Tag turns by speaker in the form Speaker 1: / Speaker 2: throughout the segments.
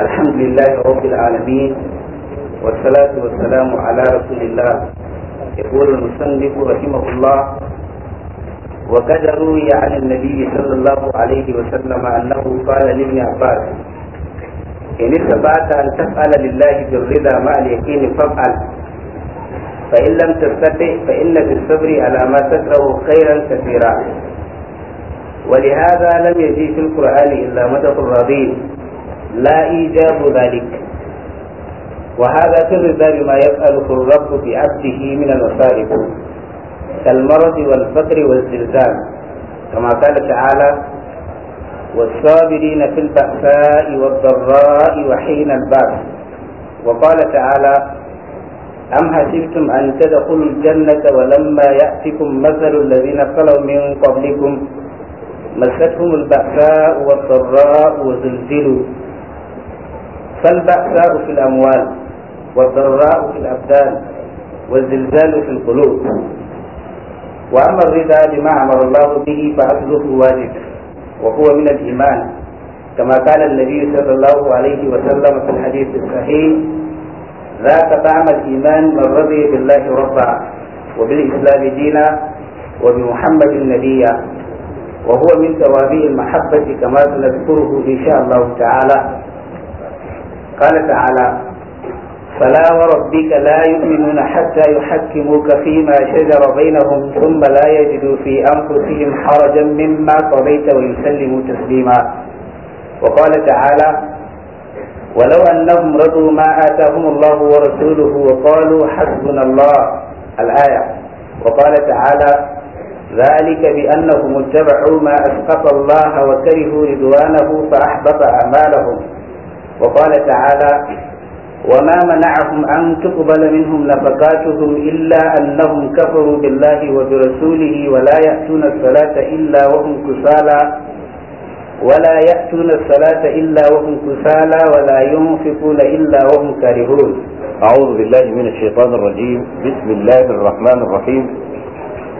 Speaker 1: الحمد لله رب العالمين والصلاة والسلام على رسول الله يقول المصنف رحمه الله وقد روي عن النبي صلى الله عليه وسلم أنه قال لابن عباس إن استطعت أن تفعل لله بالرضا مع اليقين فافعل فإن لم تستطع فإن في الصبر على ما تكره خيرا كثيرا ولهذا لم يجي في القرآن إلا مدد الرضيع لا إيجاب ذلك وهذا في الرضا بما يفعله الرب بعبده من المصائب كالمرض والفقر والزلزال كما قال تعالى والصابرين في البأساء والضراء وحين البأس وقال تعالى أم حسبتم أن تدخلوا الجنة ولما يأتكم مثل الذين خلوا من قبلكم مستهم البأساء والضراء وزلزلوا فالبأساء في الأموال والضراء في الأبدان والزلزال في القلوب وأما الرضا بما أمر الله به فأصله واجب وهو من الإيمان كما قال النبي صلى الله عليه وسلم في الحديث الصحيح ذاك طعم الإيمان من رضي بالله ربا وبالإسلام دينا وبمحمد نبيا وهو من توابع المحبة كما سنذكره إن شاء الله تعالى قال تعالى فلا وربك لا يؤمنون حتى يحكموك فيما شجر بينهم ثم لا يجدوا في أنفسهم حرجا مما قضيت ويسلموا تسليما وقال تعالى ولو أنهم رضوا ما آتاهم الله ورسوله وقالوا حسبنا الله الآية وقال تعالى ذلك بأنهم اتبعوا ما أسقط الله وكرهوا رضوانه فأحبط أعمالهم وقال تعالى وما منعهم أن تقبل منهم نفقاتهم إلا أنهم كفروا بالله وبرسوله ولا يأتون الصلاة إلا وهم كسالى ولا يأتون الصلاة إلا وهم كسالى ولا ينفقون إلا وهم كارهون أعوذ بالله من الشيطان الرجيم بسم الله الرحمن الرحيم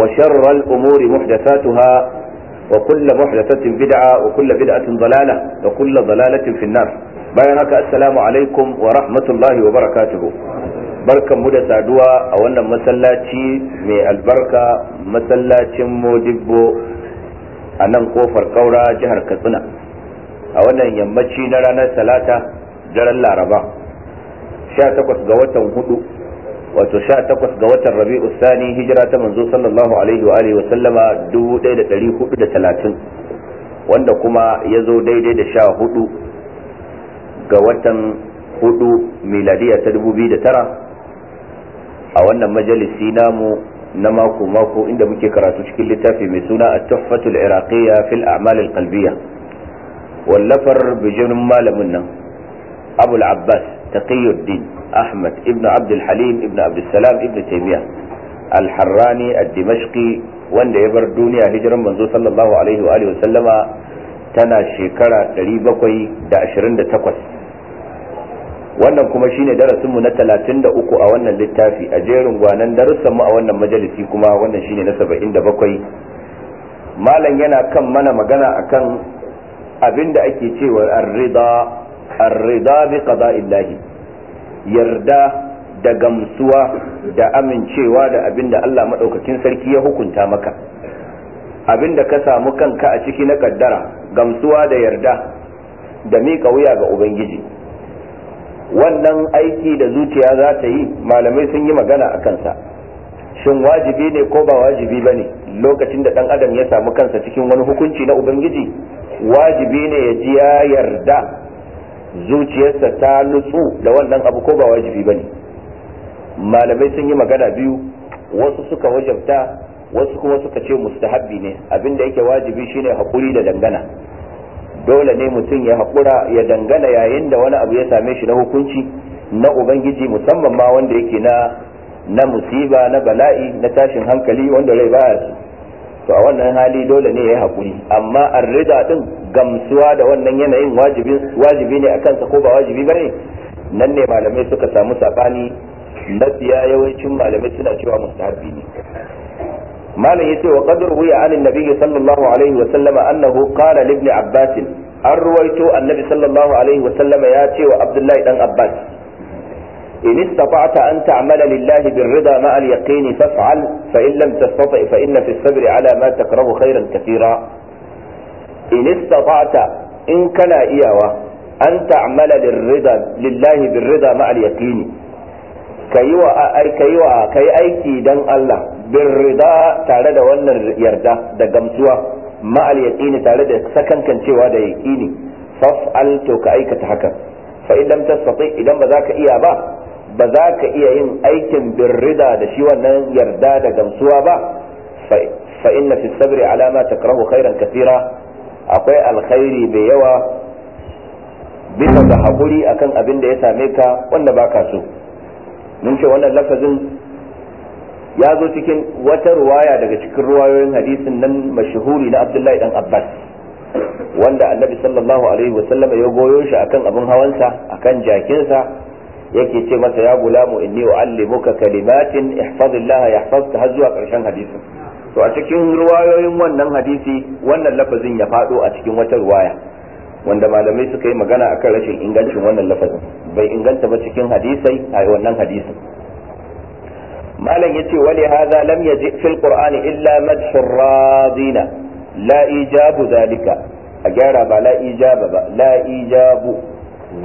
Speaker 1: وشر الأمور محدثاتها وكل محدثة بدعة وكل بدعة ضلالة وكل ضلالة في النار بيانك السلام عليكم ورحمة الله وبركاته barkan mu da saduwa a wannan masallaci mai albarka masallacin modibbo a nan kofar kaura jihar katsina a wannan yammaci na ranar talata daren laraba takwas ga watan hudu wato takwas ga watan rabi'u sani hijira ta manzo sallallahu alaihi wa alihi wa sallama talatin wanda kuma ya zo daidai da sha hudu ga watan hudu miladiya ta tara a wannan majalisi namu na mako mako inda muke karatu cikin littafi mai suna a tuhfatul iraqiyya fil a'mal al-qalbiyya wallafar bijirin malamin nan abul abbas taqiyuddin أحمد ابن عبد الحليم ابن عبد السلام ابن تيمية الحراني الدمشقي wanda ya bar duniya hijiran manzo sallallahu alaihi wa alihi wasallama tana shekara 728 wannan kuma shine darasinmu na 33 a wannan littafi a jerin gwanan darussanmu a wannan majalisi kuma wannan shine na 77 malam yana kan mana magana akan abinda ake cewa ar-rida ar-rida bi qada'illahi yarda da gamsuwa da amincewa da abin da Allah maɗaukakin sarki ya hukunta maka abin da ka samu kanka a ciki na kaddara gamsuwa da yarda da miƙa wuya ga ubangiji wannan aiki da zuciya za ta yi malamai sun yi magana a kansa shin wajibi ne ko ba wajibi ba ne lokacin da ɗan adam ya samu kansa cikin wani hukunci na ubangiji wajibi ne ya ji ya yarda zuciyarsa ta nutsu da wannan abu ko ba wajibi ba ne malamai sun yi magana biyu wasu suka wajabta wasu kuma suka ce mustahabbi ne abinda yake wajibi shine haƙuri da dangana dole ne mutum ya haƙura ya dangana yayin da wani abu ya same shi na hukunci na ubangiji musamman ma wanda yake na na musiba na bala'i na tashin hankali wanda rai baya to a wannan hali dole ne ya hakuri amma arrida din gamsuwa da wannan yanayin wajibi ne a kansa ko ba wajibi ba ne nan ne malamai suka samu saɓani mafiya yawancin malamai suna cewa mustahabbi ne malam yace wa qadar ruwiya anin nabiy sallallahu alaihi wa sallama annahu qala li ibn abbas an ruwaito annabi sallallahu alaihi wa sallama ya ce wa abdullahi dan abbas إن استطعت أن تعمل لله بالرضا مع اليقين فافعل فإن لم تستطع فإن في الصبر على ما تكره خيرا كثيرا إن استطعت إن كلا إياوة أن تعمل للرضا لله بالرضا مع اليقين كيوا أي كيوا كي أيتي دن الله بالرضا تعالى ولا يرضى ده مع اليقين تعالى سكن كان شيء هذا يقيني فافعل تو كأيك تحكم فإن لم تستطيع إذا ما ذاك إياه ba za ka iya yin aikin birrida da shi wannan yarda da gamsuwa ba fa inna fi sabri alama takrahu khairan kathira akwai alkhairi mai yawa bisa ga haƙuri akan abin da ya same ka wanda baka so mun ce wannan lafazin ya zo cikin wata ruwaya daga cikin ruwayoyin hadisin nan mashahuri na abdullahi dan abbas wanda annabi sallallahu alaihi wasallam ya goyo shi akan abin hawansa akan jakinsa yake ce masa ya gulamu inni allimuka kalimatin ihfazillaha yahfazka har zuwa karshen hadisin to a cikin ruwayoyin wannan hadisi wannan lafazin ya fado a cikin wata ruwaya wanda malamai suka yi magana akan rashin ingancin wannan lafazin bai inganta ba cikin hadisai a wannan hadisin malam yace wali hadha lam yaji fil qur'ani illa madhur radina la ijabu zalika a gyara ba la ijaba ba la ijabu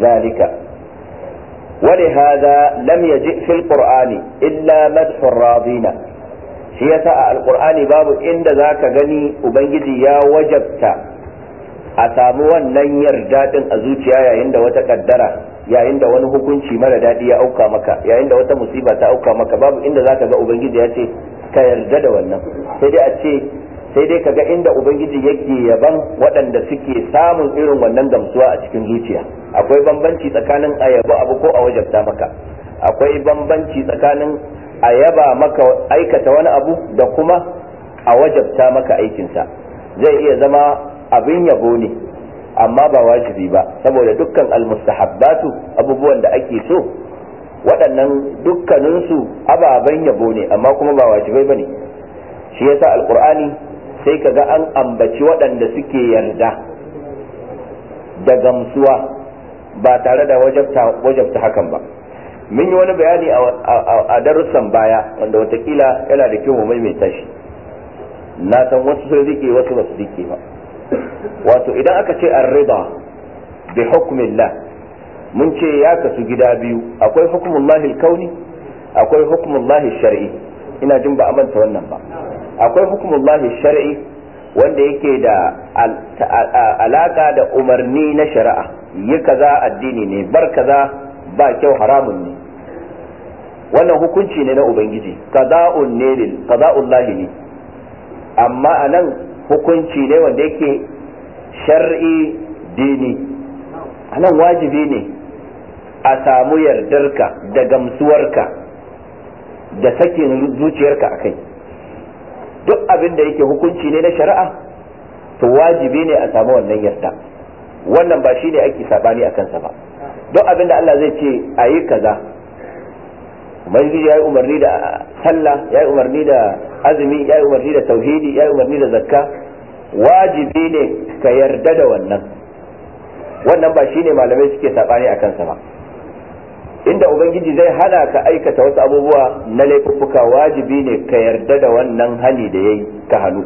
Speaker 1: zalika ولهذا لم يجئ في القرآن illa مدح الراضين shi yasa a alkur'ani babu inda za ka gani ubangiji ya wajabta a samu wannan yarda din a zuciya yayin da wata kaddara yayin da wani hukunci mara daɗi ya auka maka yayin da wata musiba ta auka maka babu inda za ka ga ubangiji ya ce ka yarda da wannan sai dai a ce sai dai ka ga inda ubangiji yake yaban waɗanda suke samun irin wannan gamsuwa a cikin zuciya akwai bambanci tsakanin ayaba abu ko a wajabta maka akwai bambanci tsakanin ayaba maka aikata wani abu da kuma a wajabta maka aikinsa zai iya zama abin yabo ne amma ba wajibi ba saboda dukkan almustahabbatu abubuwan da ake so waɗannan dukkaninsu ababen yabo ne amma kuma ba wajibai ba ne shi yasa alkur'ani sai ka ga an ambaci waɗanda suke yarda da gamsuwa ba tare da wajabta hakan ba mun yi wani bayani a darussan baya wanda watakila yana da kyau mai maimaita shi na san wasu sun rike wasu ba su rike ba wato idan aka ce riba bi hukmillah mun ce ya kasu gida biyu akwai hukmullahi kauni akwai hukmullahi shari'i ina jin ba a manta wannan ba akwai hukumullahi shar'i wanda yake da alaka da umarni na shari'a yi kaza addini ne bar kaza ba kyau haramun ne wannan hukunci ne na ubangiji qada'un ne lil qada'ullahi ne amma anan hukunci ne wanda yake shar'i dini anan wajibi ne a samu yardarka da gamsuwarka da sakin zuciyarka kai. duk abin da yake hukunci ne na shari'a to wajibi ne a samu wannan yarda wannan ba shi ne ake sabani a kansa ba duk abin da Allah zai ce a yi kaza ubangiji ya yi umarni da sallah ya yi umarni da azumi ya yi umarni da tauhidi ya yi umarni da zakka wajibi ne ka yarda da wannan wannan ba shi ne malamai suke sabani a kansa ba inda ubangiji zai hana ka aikata wasu abubuwa na laifuffuka wajibi ne ka yarda da wannan hani da yayi ka hannu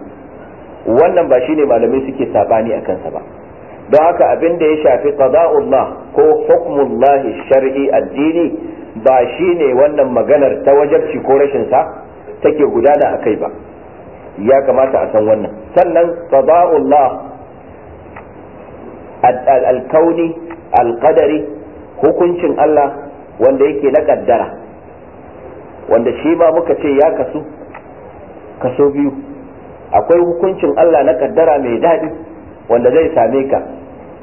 Speaker 1: wannan ba shine malamai suke sabani a kansa ba don haka abin da ya shafi qada'ullah ko hukmullahi shar'i addini ba shine wannan maganar ta wajabci ko rashin sa take gudana a kai ba ya kamata a san wannan sannan qada'ullah al-kauni al-qadari hukuncin Allah wanda yake na kaddara wanda shi ma muka ce ya kasu kaso biyu akwai hukuncin Allah na kaddara mai daɗi wanda zai same ka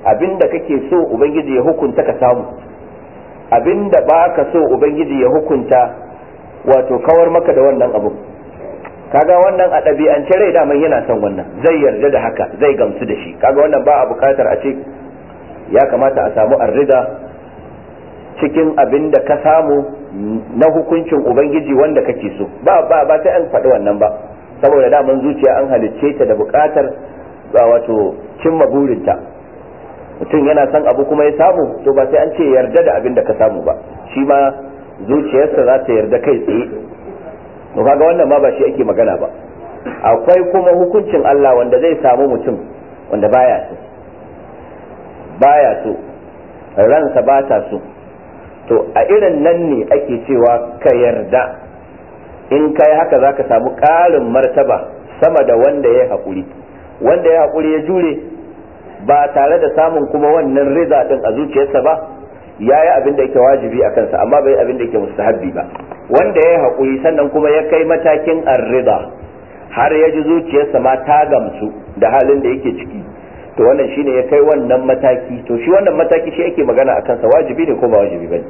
Speaker 1: abinda kake so ubangiji ya hukunta ka samu abinda ba ka so ubangiji ya hukunta wato kawar maka da wannan abu kaga wannan a ɗabi'ance rai daman yana son wannan zai yarda da haka zai gamsu da shi kaga wannan ba a buƙatar a ce ya kamata a samu arrida cikin abin da ka samu na hukuncin ubangiji wanda kake so ba ba ba ta an faɗi wannan ba saboda daman zuciya an halicce ta da buƙatar wato cimma burinta mutum yana son abu kuma ya samu to ba sai an ce yarda da abin da ka samu ba shi ma zuciyarsa za ta yarda kai tsaye to kaga wannan ma ba shi ake magana ba akwai kuma hukuncin Allah wanda zai samu mutum wanda baya so baya so ransa ba ta so to a irin nan ne ake cewa ka yarda in kai haka za ka samu ƙarin martaba sama da wanda ya haƙuri wanda ya haƙuri ya jure ba tare da samun kuma wannan riza din a zuciyarsa ba ya yi abin da yake wajibi a kansa amma bai abin da yake mustahabbi ba wanda ya haƙuri sannan kuma ya kai matakin arrida har ya ji zuciyarsa ma ta gamsu da halin da yake ciki to wannan shine ya kai wannan mataki to shi wannan mataki shi ake magana akan sa wajibi ne ko ba wajibi bane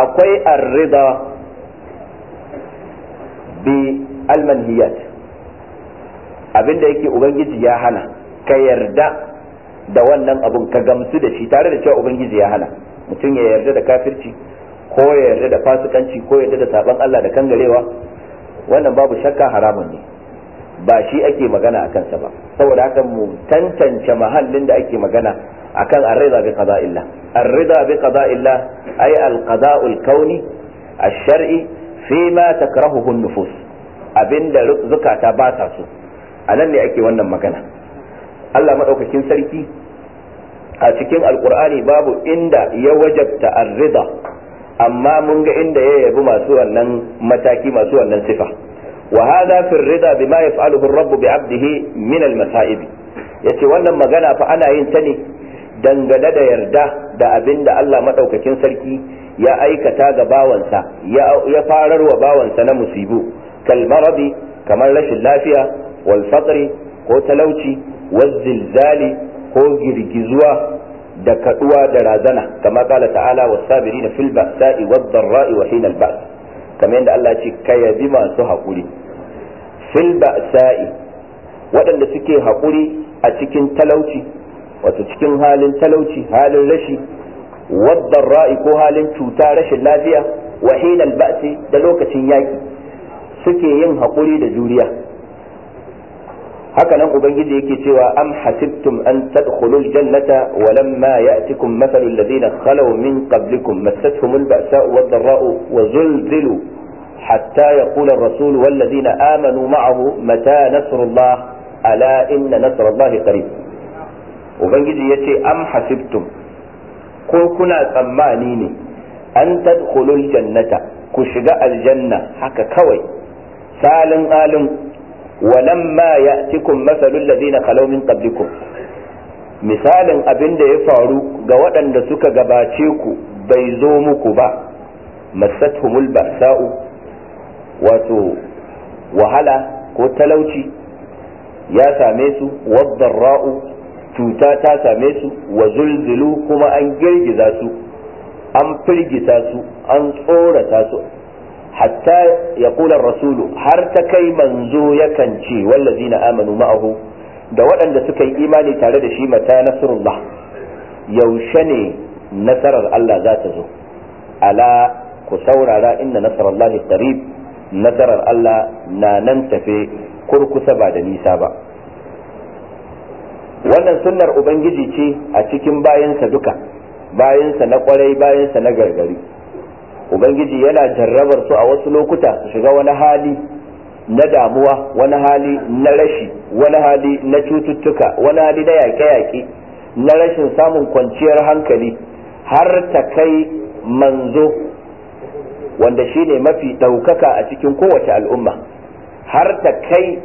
Speaker 1: akwai ar-rida bi al-manhiyat abinda yake ubangiji ya hana ka yarda da wannan abun ka gamsu da shi tare da cewa ubangiji ya hana mutum ya yarda da kafirci ko ya yarda da fasikanci ko ya yarda da saban Allah da kangarewa wannan babu shakka haramun ne ba shi ake magana a kansa ba saboda haka mu tantance mahallin da ake magana akan ar-ridha bi qada'illah ar-ridha bi illa ay al-qada'u al kauni ash-shar'i fi ma nufus abinda zukata ba ta so anan ne ake wannan magana Allah madaukakin sarki a cikin alkur'ani babu inda ya wajabta ar amma mun ga inda ya yabi masu wannan mataki masu wannan sifa وهذا في الرضا بما يفعله الرب بعبده من ya yace wannan magana fa ana yin ta ne dangane da yarda da abin da Allah maɗaukacin sarki ya aikata ga bawansa ya farar wa bawansa na musibu kal kamar rashin lafiya wal fatri ko talauci wal zilzali ko girgizuwa da kaduwa da razana kama kala ta'ala was sabirin fil ba'sa'i wad dharra'i wa hina al kamar yadda Allah ce ka yabi masu haƙuri fil ba'sa'i waɗanda suke haƙuri a cikin talauci wato cikin halin talauci halin rashi waddar ra'i ko halin cuta rashin lafiya wa hinal ba'si da lokacin yaƙi suke yin haƙuri da juriya haka nan ubangiji yake cewa am hasibtum an tadkhulu aljannata wa lamma ya'tikum mathalu alladhina khalaw min qablikum massatuhum alba'sa'u wad-dharra'u wa zulzilu hatta yaqula ar-rasul walladhina amanu ma'ahu mata nasrullah ala inna nasrallahi qarib ubangiji yace am hasibtum ko kuna tsammani ne an tadkhulu aljannata ku shiga aljanna haka kawai salin alim walamma ya'tikum mathalul ladina na min qablikum misalin abin da ya faru ga waɗanda suka gabace ku bai zo muku ba masathumul ba'sa'u wato wahala ko talauci ya same su wadarra'u cuta ta same su wa zulzulu kuma an girgiza su an firgita su an tsorata su hatta ya kula rasulu har ta kai manzo yakan ce wallazi na amanu ma'ahu da waɗanda suka yi imani tare da shi mata nasrullah yaushe ne nasarar Allah za ta zo ala ku saurara inna nasarallahi qarib nasarar Allah na nan tafe kurkusa ba da nisa ba wannan sunnar ubangiji ce a cikin bayansa duka bayansa na kwarai bayansa na gargari ubangiji yana jarrabar su a wasu lokuta su shiga wani hali na damuwa wani hali na rashi wani hali na cututtuka wani hali na yaƙe-yaƙe na rashin samun kwanciyar hankali har ta kai manzo wanda shine mafi ɗaukaka a cikin kowace al'umma har ta kai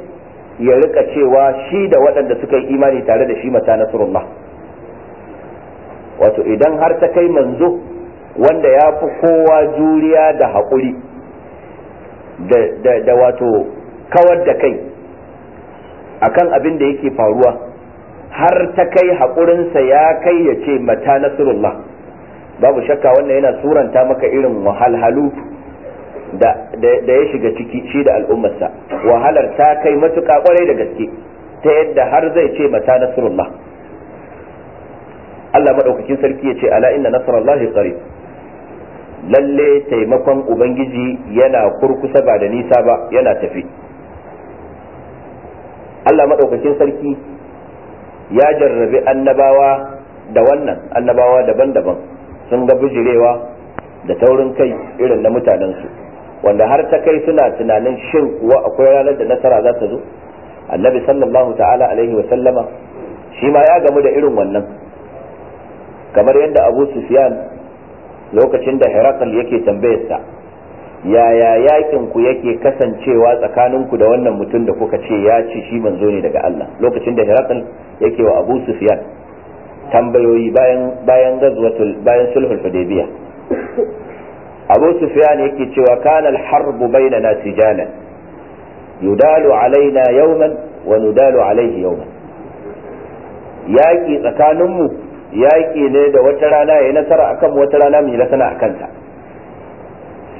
Speaker 1: ya rika cewa shi da waɗanda suka yi imani tare da shi mata nasrullah wato idan har ta kai manzo wanda ya fi kowa juriya da haƙuri da wato kawar da kai a kan abin da yake faruwa har ta kai haƙurinsa ya kai ya ce mata nasirullah babu shakka wannan yana suranta maka irin wahalhalu da ya shiga ciki shi da al'ummarsa wahalar ta kai matuƙa ƙwarai da gaske ta yadda har zai ce mata nasirullah Allah maɗaukakin sarki ya ce ala inna nasarallahi qarib lalle taimakon ubangiji yana kurkusa ba da nisa ba yana tafi Allah maɗaukakin sarki ya jarrabi annabawa da wannan annabawa daban-daban sun ga bijirewa da taurin kai irin na mutanensu wanda har ta kai suna tunanin shin kuwa akwai ranar da nasara za ta zo annabi sallallahu ta'ala alaihi wa sallama shi ma ya gamu da irin wannan kamar yadda abu sufyan lokacin da herakal yake sa yaya yakin ku yake kasancewa tsakaninku da wannan mutum da kuka ce ya ci shi manzo ne daga Allah lokacin da herakal yake wa abu sufyan tambayoyi bayan bayan gazwatul bayan sulhul hudaybiya abu sufyan yake cewa kana al-harbu bainana sijalan yudalu alaina yawman wa nudalu alayhi yawman yaki tsakaninmu yaƙi ne da wata rana ya yi nasara akan wata rana mai nasara a kanta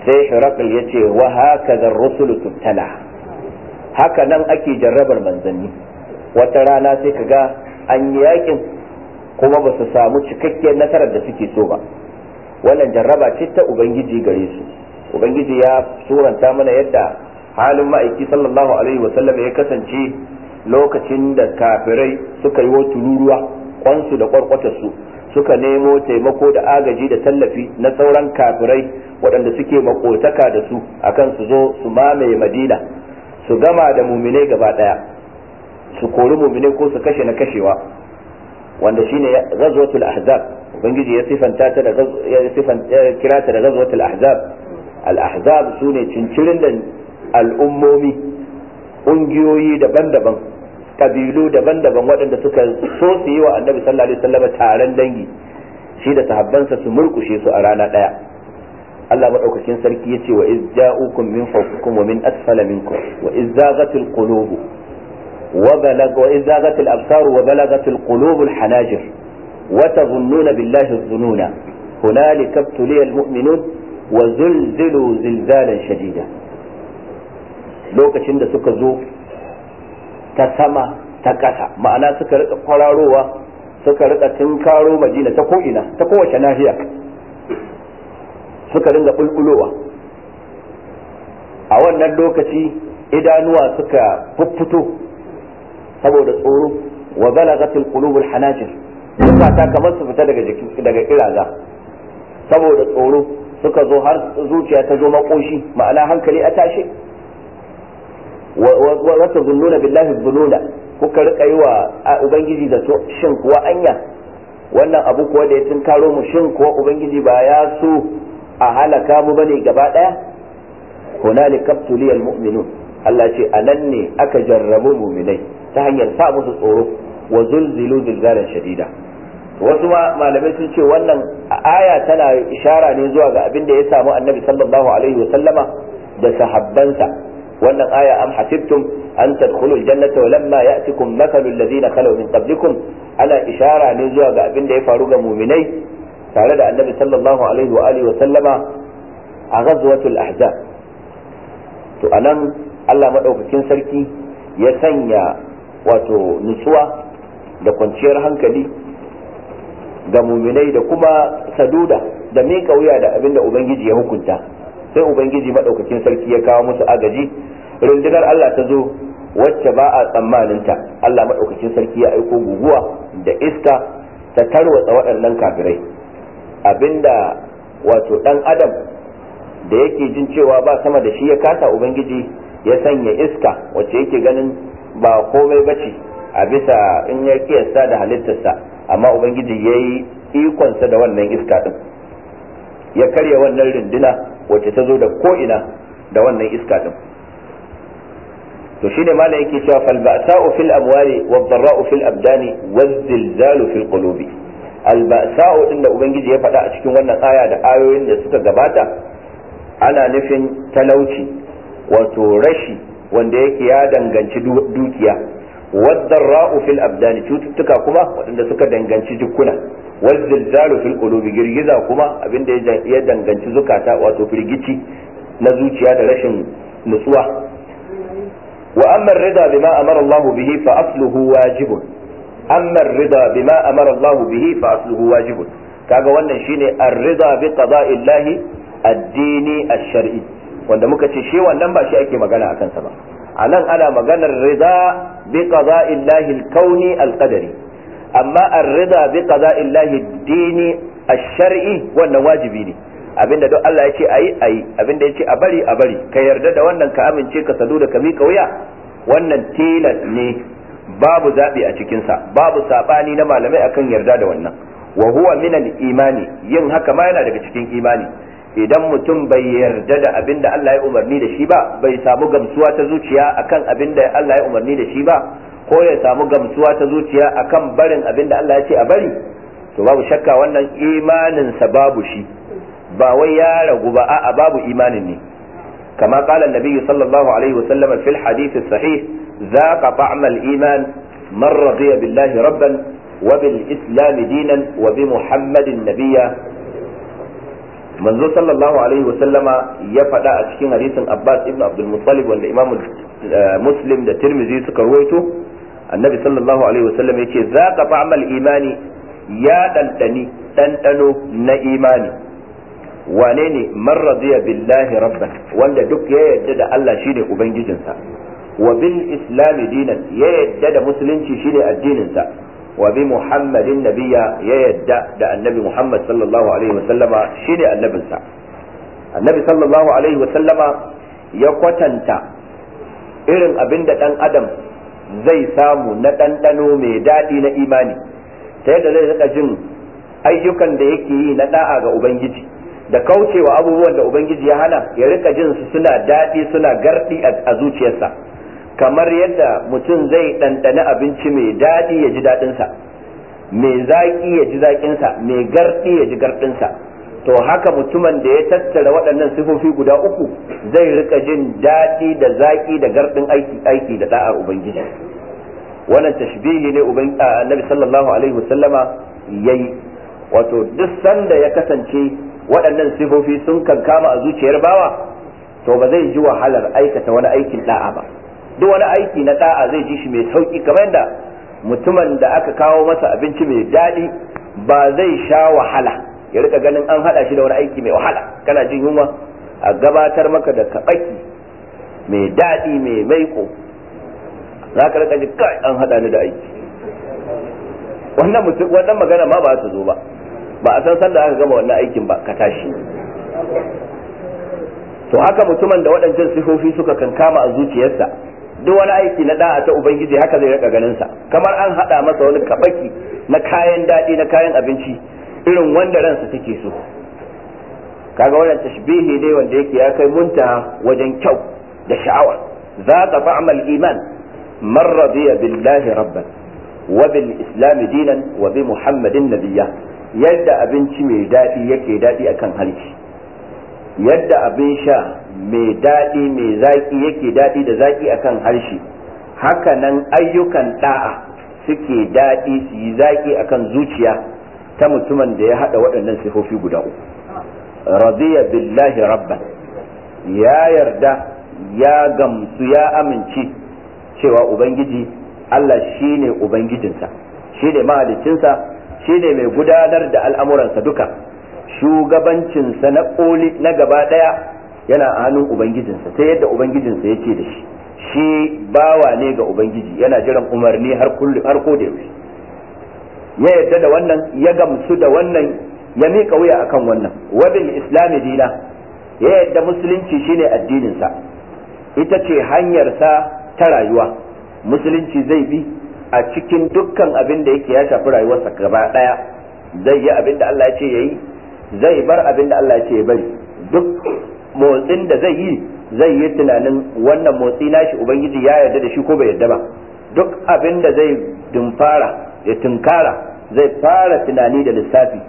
Speaker 1: sai shirakul ya ce wa haka zan rusulu tuttala haka nan ake jarrabar manzanni wata rana sai ka ga an yi yaƙin kuma ba su samu cikakkiyar nasarar da suke so ba wannan jarraba ce ta ubangiji gare su ubangiji ya suranta mana yadda halin ma'aiki sallallahu alaihi wasallam ya kasance lokacin da kafirai suka yi wa tururuwa kwansu da su suka nemo taimako da agaji da tallafi na sauran kafirai waɗanda suke makotaka da su akan su zo su mamaye madina su gama da muminai gaba ɗaya su kori muminai ko su kashe na kashewa wanda shine ghazwatul ahzab ubangiji ya sifanta ta da ya sifanta kira ta da ghazwatul ahzab al ahzab sune cincirin da al'ummomi ƙungiyoyi daban-daban kabilu daban-daban waɗanda suka so su yi wa annabi sallallahu alaihi wasallam taron dangi shi da sahabbansa su murkushe su a rana ɗaya Allah madaukakin sarki yace wa iz ja'ukum min fawqikum wa min asfala minkum wa iz zaghatil qulub wa balagha wa iz zaghatil absar wa balaghatil qulub al hanajir wa tadhunnuna billahi dhununa hunalika ibtuliya al mu'minun wa zilzilu zilzalan shadida lokacin da suka zo ta sama ta ƙasa ma'ana suka rika kwararowa suka rika karo madina ta ko'ina ta kowace nahiya suka ringa bulbulowa a wannan lokaci idanuwa suka fuffuto saboda tsoro wa balagatul qulubul hanajir zukata kamar su fita daga jiki daga kiraza saboda tsoro suka zo har zuciya ta zo makoshi ma'ana hankali a tashe wa zununa billahi dhununa kuka rika yi wa ubangiji da to shin kuwa anya wannan abu kuwa da ya karo mu shin kuwa ubangiji ba ya so a halaka mu bane gaba daya hunalika tuliyal mu'minun Allah ce anan ne aka jarrabu mu'minai ta hanyar sa musu tsoro wa zulzilu zilzalan shadida wasu malamai sun ce wannan aya tana ishara ne zuwa ga abin da ya samu annabi sallallahu alaihi wasallama da sahabbansa wannan aya am hasibtum an tadkhulu aljannata wa lamma ya'tikum mathalu alladhina khalu min qablikum ana ishara ne zuwa ga abin da ya faru ga mu'minai tare da annabi sallallahu alaihi wa alihi wa sallama a ghazwatul ahzab to anan Allah madaukakin sarki ya sanya wato nutsuwa da kwanciyar hankali ga muminai da kuma saduda da miƙa wuya da abin da ubangiji ya hukunta sai ubangiji madaukakin sarki ya kawo musu agaji rundunar Allah ta zo wacce ba a tsammanin ta Allah madaukakin sarki ya aiko guguwa da iska ta tarwatsa waɗannan kafirai abinda wato dan adam da yake jin cewa ba sama da shi ya kasa ubangiji ya sanya iska wacce yake ganin ba komai bace a bisa in ya kiyasta da halittarsa amma ubangiji ya yi ikonsa da wannan iska din ya karya wannan runduna wacce ta zo da ko ina da wannan iska din to shine malai yake cewa fal ba'sa'u fil amwali wad dharra'u fil abdani waz zilzalu fil qulubi al din da ubangiji ya faɗa a cikin wannan aya da ayoyin da suka gabata ana nufin talauci wato rashi wanda yake ya danganci dukiya wad dharra'u fil abdani cututtuka kuma waɗanda suka danganci jikuna wazzilzalu fil qulubi girgiza kuma abin da ya danganci zukata wato firgici na zuciya da rashin nutsuwa wa amar rida bima amara Allah bihi fa asluhu wajibun amar rida bima amara Allah bihi fa asluhu wajibun kaga wannan shine ar-rida bi qada'i Allah ad ash-shar'i wanda muka ce shi wannan ba shi ake magana akan sa ba anan ana maganar rida bi qada'i Allah al-kauni al-qadari al qadari al amma ar-rida bi qada'illahi dini ash-shar'i wannan wajibi ne abinda duk Allah ya ce ayi ayi abinda ya ce a bari a bari ka yarda da wannan ka amince ka sadu da ka mika wuya wannan tilas ne babu zabi a cikin sa babu sabani na malamai akan yarda da wannan wa huwa min al-imani yin haka ma yana daga cikin imani idan mutum bai yarda da abinda Allah ya umarni da shi ba bai samu gamsuwa ta zuciya akan abinda Allah ya umarni da shi ba ko ya samu gamsuwa ta zuciya akan barin abin da Allah ya ce a bari to babu shakka wannan imanin sa babu shi ba wai ya ragu ba a'a babu imanin ne kama qala annabi sallallahu alaihi wa sallam fil hadith sahih zaqa ta'mal iman man radiya billahi rabban wa bil islam dinan wa bi muhammadin nabiyya manzo sallallahu alaihi wa sallama ya faɗa a cikin hadisin abbas ibn abdul muttalib wanda imam eh, muslim da tirmizi suka ruwaito annabi sallallahu alaihi wasallam yace za ka fa'amal imani ya ɗanɗani ɗanɗano na imani wane ne man radiya billahi rabban wanda duk ya yadda da Allah shine ubangijinsa wa bil islami dinan ya yadda da musulunci shine addininsa wa bi muhammadin nabiyya ya yarda da annabi muhammad sallallahu alaihi wasallama shine annabinsa annabi sallallahu alaihi wasallama ya kwatanta irin abin da dan adam zai samu na ɗanɗano mai daɗi na imani ta yadda zai rika jin ayyukan da yake yi na ɗa'a ga ubangiji da kaucewa abubuwan da ubangiji ya hana ya rika jin su suna daɗi suna garɗi a zuciyarsa kamar yadda mutum zai ɗanɗani abinci mai daɗi ya ji daɗinsa mai zaƙi ya ji zaƙinsa mai garɗi ya ji garɗinsa to haka mutumin da ya tattara waɗannan sifofi guda uku zai rika jin daɗi da zaƙi da garɗin aiki aiki da da'ar ubangiji wannan tashbihi ne annabi sallallahu alaihi wasallama yayi wato duk sanda ya kasance waɗannan sifofi sun kankama a zuciyar bawa to ba zai ji wahalar aikata wani aikin da'a ba duk wani aiki na da'a zai ji shi mai sauki kamar yadda mutumin da aka kawo masa abinci mai daɗi ba zai sha wahala ya rika ganin an hada shi da wani aiki mai wahala kana jin yunwa a gabatar maka da kabaki mai daɗi mai maiko za ka rika ji kai an hada ni da aiki wannan mutum wannan magana ma ba ta zo ba ba a san sanda aka gama wannan aikin ba ka tashi to haka mutumin da waɗancan sifofi suka kankama a zuciyarsa duk wani aiki na da'a ta ubangiji haka zai rika ganin sa kamar an hada masa wani kabaki na kayan daɗi na kayan abinci irin wanda ransa take so kaga wannan tashbihi ne wanda yake ya kai munta wajen kyau da sha'awa za ka fa'amal iman man radiya billahi rabban wa bil islam dinan wa bi muhammadin nabiyya yadda abinci mai daɗi yake daɗi akan halki yadda abin sha mai daɗi mai zaƙi yake daɗi da zaƙi akan harshe haka nan ayyukan ɗa'a suke daɗi su yi zaƙi akan zuciya ta mutumin da ya haɗa waɗannan sifofi guda uku radiya billahi rabban ya yarda ya gamsu ya amince cewa ubangiji Allah shine ubangijinsa shine mahalicinsa shine mai gudanar da al'amuransa duka shugabancinsa na koli na gaba ɗaya yana a hannun ubangijinsa sai yadda ubangijinsa yake da shi shi bawa ne ga ubangiji yana jiran umarni har kullu har ko da yaushe ya yarda da wannan ya gamsu da wannan ya miƙa wuya akan wannan wabin islami dina ya yarda musulunci shine addininsa ita ce hanyarsa ta rayuwa musulunci zai bi a cikin dukkan abin da yake ya shafi rayuwarsa gaba ɗaya zai yi abin da Allah ya ce ya zai bar abin da Allah ya ce ya bari duk motsin da zai yi zai yi tunanin wannan motsi nashi ubangiji ya yarda da shi ko bai yarda ba duk abin da zai dumfara ya tunkara zai fara tunani da lissafi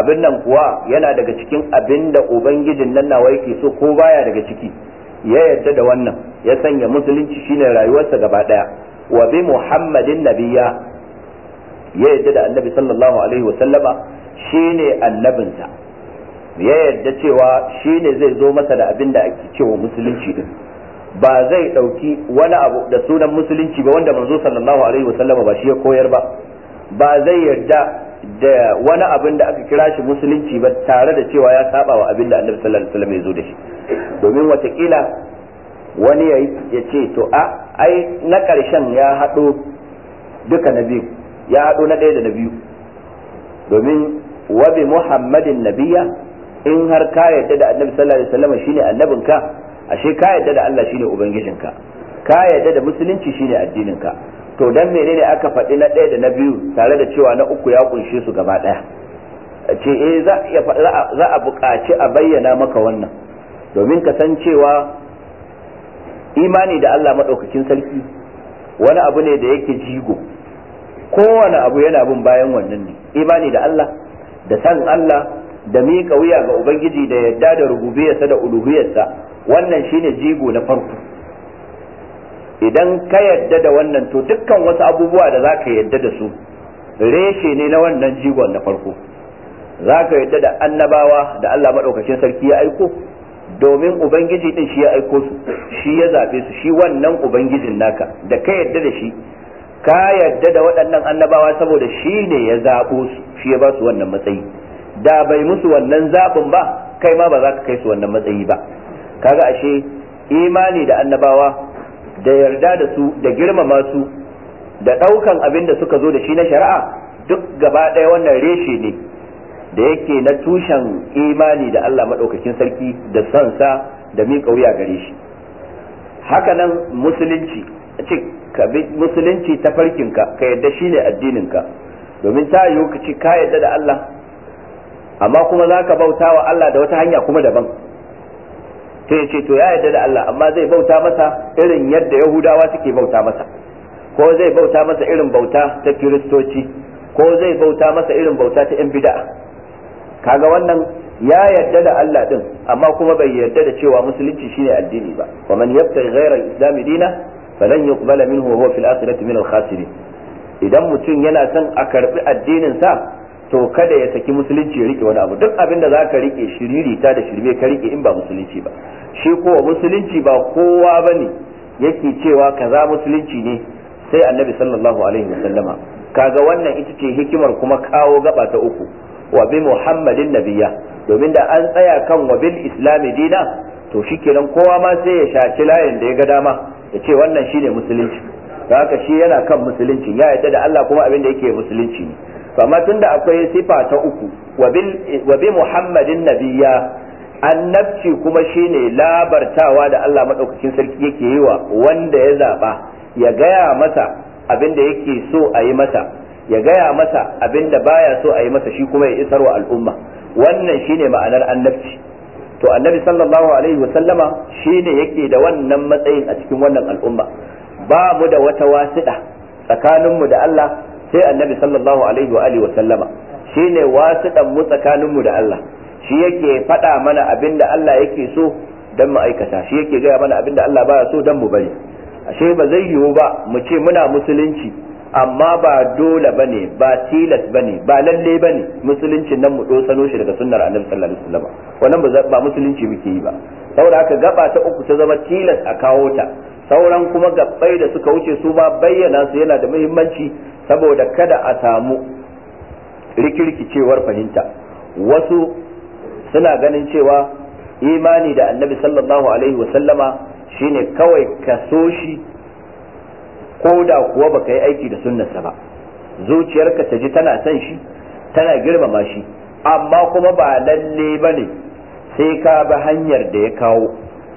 Speaker 1: abin nan kuwa yana daga cikin abin da ubangijin nan nawa yake so ko baya daga ciki ya yarda da wannan ya sanya musulunci shine rayuwarsa gaba daya wa bi muhammadin nabiyya ya yarda da annabi sallallahu alaihi wa sallama shine annabinsa ya yarda cewa shine zai zo masa da abin da ake cewa musulunci din ba zai ɗauki wani abu da sunan musulunci ba wanda manzo sallallahu alaihi wasallama ba shi ya koyar ba ba zai yarda da wani abin da aka kira shi musulunci ba tare da cewa ya saba wa abin da annabi sallallahu alaihi wasallam ya zo da shi domin watakila wani ya ce to a ai na karshen ya haɗo duka na biyu ya haɗo na ɗaya da na biyu domin wabi muhammadin nabiya in har ka yarda da annabi sallallahu alaihi wasallam shine annabinka ashe ka yadda da Allah shine ubangijinka ka yadda da musulunci shine addininka to dan menene aka faɗi na ɗaya da na biyu tare da cewa na uku ya kunshe su gaba ɗaya ce eh za a buƙaci a bayyana maka wannan domin ka san cewa imani da Allah maɗaukakin sarki wani abu ne da yake jigo kowane abu yana bin bayan wannan ne imani da Allah da san Allah da miƙa wuya ga ubangiji da yadda da rububiyarsa da uluhiyarsa wannan shine jigo na farko idan ka yadda da wannan to dukkan wasu abubuwa da za ka yadda da su reshe ne na wannan jigon na farko za ka yadda da annabawa da Allah maɗaukacin sarki ya aiko domin ubangiji din shi ya aiko su shi ya zaɓe su shi wannan ubangijin naka da ka yadda da shi ka yadda da waɗannan annabawa saboda shi ne ya zaɓo su shi ya ba su wannan matsayi da bai musu wannan zaɓin ba kai ma ba za ka kai su wannan matsayi ba kaga ashe imani da annabawa da yarda da su da girmama su da ɗaukan abin da suka zo da shi na shari'a duk gaba ɗaya wannan reshe ne da yake na tushen imani da Allah maɗaukakin sarki da sa da mi wuya gare shi hakanan musulunci ce ka bi musulunci ta farkinka ka yadda shi ne addininka domin ta yiwu ka ci ka yadda da Allah amma kuma za ka bauta wa Allah da wata hanya kuma daban to ya ce to ya yarda da Allah amma zai bauta masa irin yadda Yahudawa suke bauta masa ko zai bauta masa irin bauta ta Kiristoci ko zai bauta masa irin bauta ta ‘yan bida'a kaga wannan ya yarda da Allah din amma kuma bai yarda da cewa musulunci shine addini ba wa man yabtaghi ghayra al-islam dina falan yuqbala minhu wa huwa fil akhirati min al-khasirin idan mutum yana son a karbi addinin sa to kada ya saki musulunci ya rike wani abu duk abin da zaka rike shiririta da shirme ka rike in ba musulunci ba shi kowa musulunci ba kowa bane yake cewa kaza musulunci ne sai annabi sallallahu alaihi wasallama kaga wannan ita ce hikimar kuma kawo gaba ta uku wa bi muhammadin nabiyya domin da an tsaya kan wa bil islami dina to shikenan kowa ma sai ya shaci layin da ya ga dama ya ce wannan shine musulunci haka shi yana kan musulunci ya yadda da Allah kuma abin da yake musulunci ne to tun tunda akwai sifa ta uku wa bi muhammadin nabiyya annabci kuma shine labartawa da Allah madaukakin sarki yake yi wa wanda ya zaba ya gaya masa abin da yake so a yi masa ya gaya masa abin da baya so a yi masa shi kuma ya isar wa al'umma wannan shine ma'anar annabci to annabi sallallahu alaihi wasallama shine yake da wannan matsayin a cikin wannan al'umma ba mu da wata wasiɗa tsakaninmu da Allah sai annabi sallallahu alaihi wa alihi wa sallama shine wasiɗan mu tsakanin mu da Allah shi yake faɗa mana abin da Allah yake so dan mu aikata shi yake gaya mana abin da Allah baya so dan mu bari ashe ba zai yiwu ba mu ce muna musulunci amma ba dole bane ba tilas bane ba lalle bane musuluncin nan mu dosano shi daga sunnar annabi sallallahu alaihi sallama wannan ba ba musulunci muke yi ba saboda haka gaba ta uku ta zama tilas a kawo ta sauran kuma gabbai da suka wuce su ma bayyana su yana da muhimmanci saboda kada a samu rikirkicewar fahimta wasu suna ganin cewa imani da annabi sallallahu alaihi wasallama shine kawai kaso shi ko da kuwa baka yi aiki da sunnarsa ba zuciyarka ta ji tana son shi tana girmama shi amma kuma ba lalle ba ne sai ka bi hanyar da ya kawo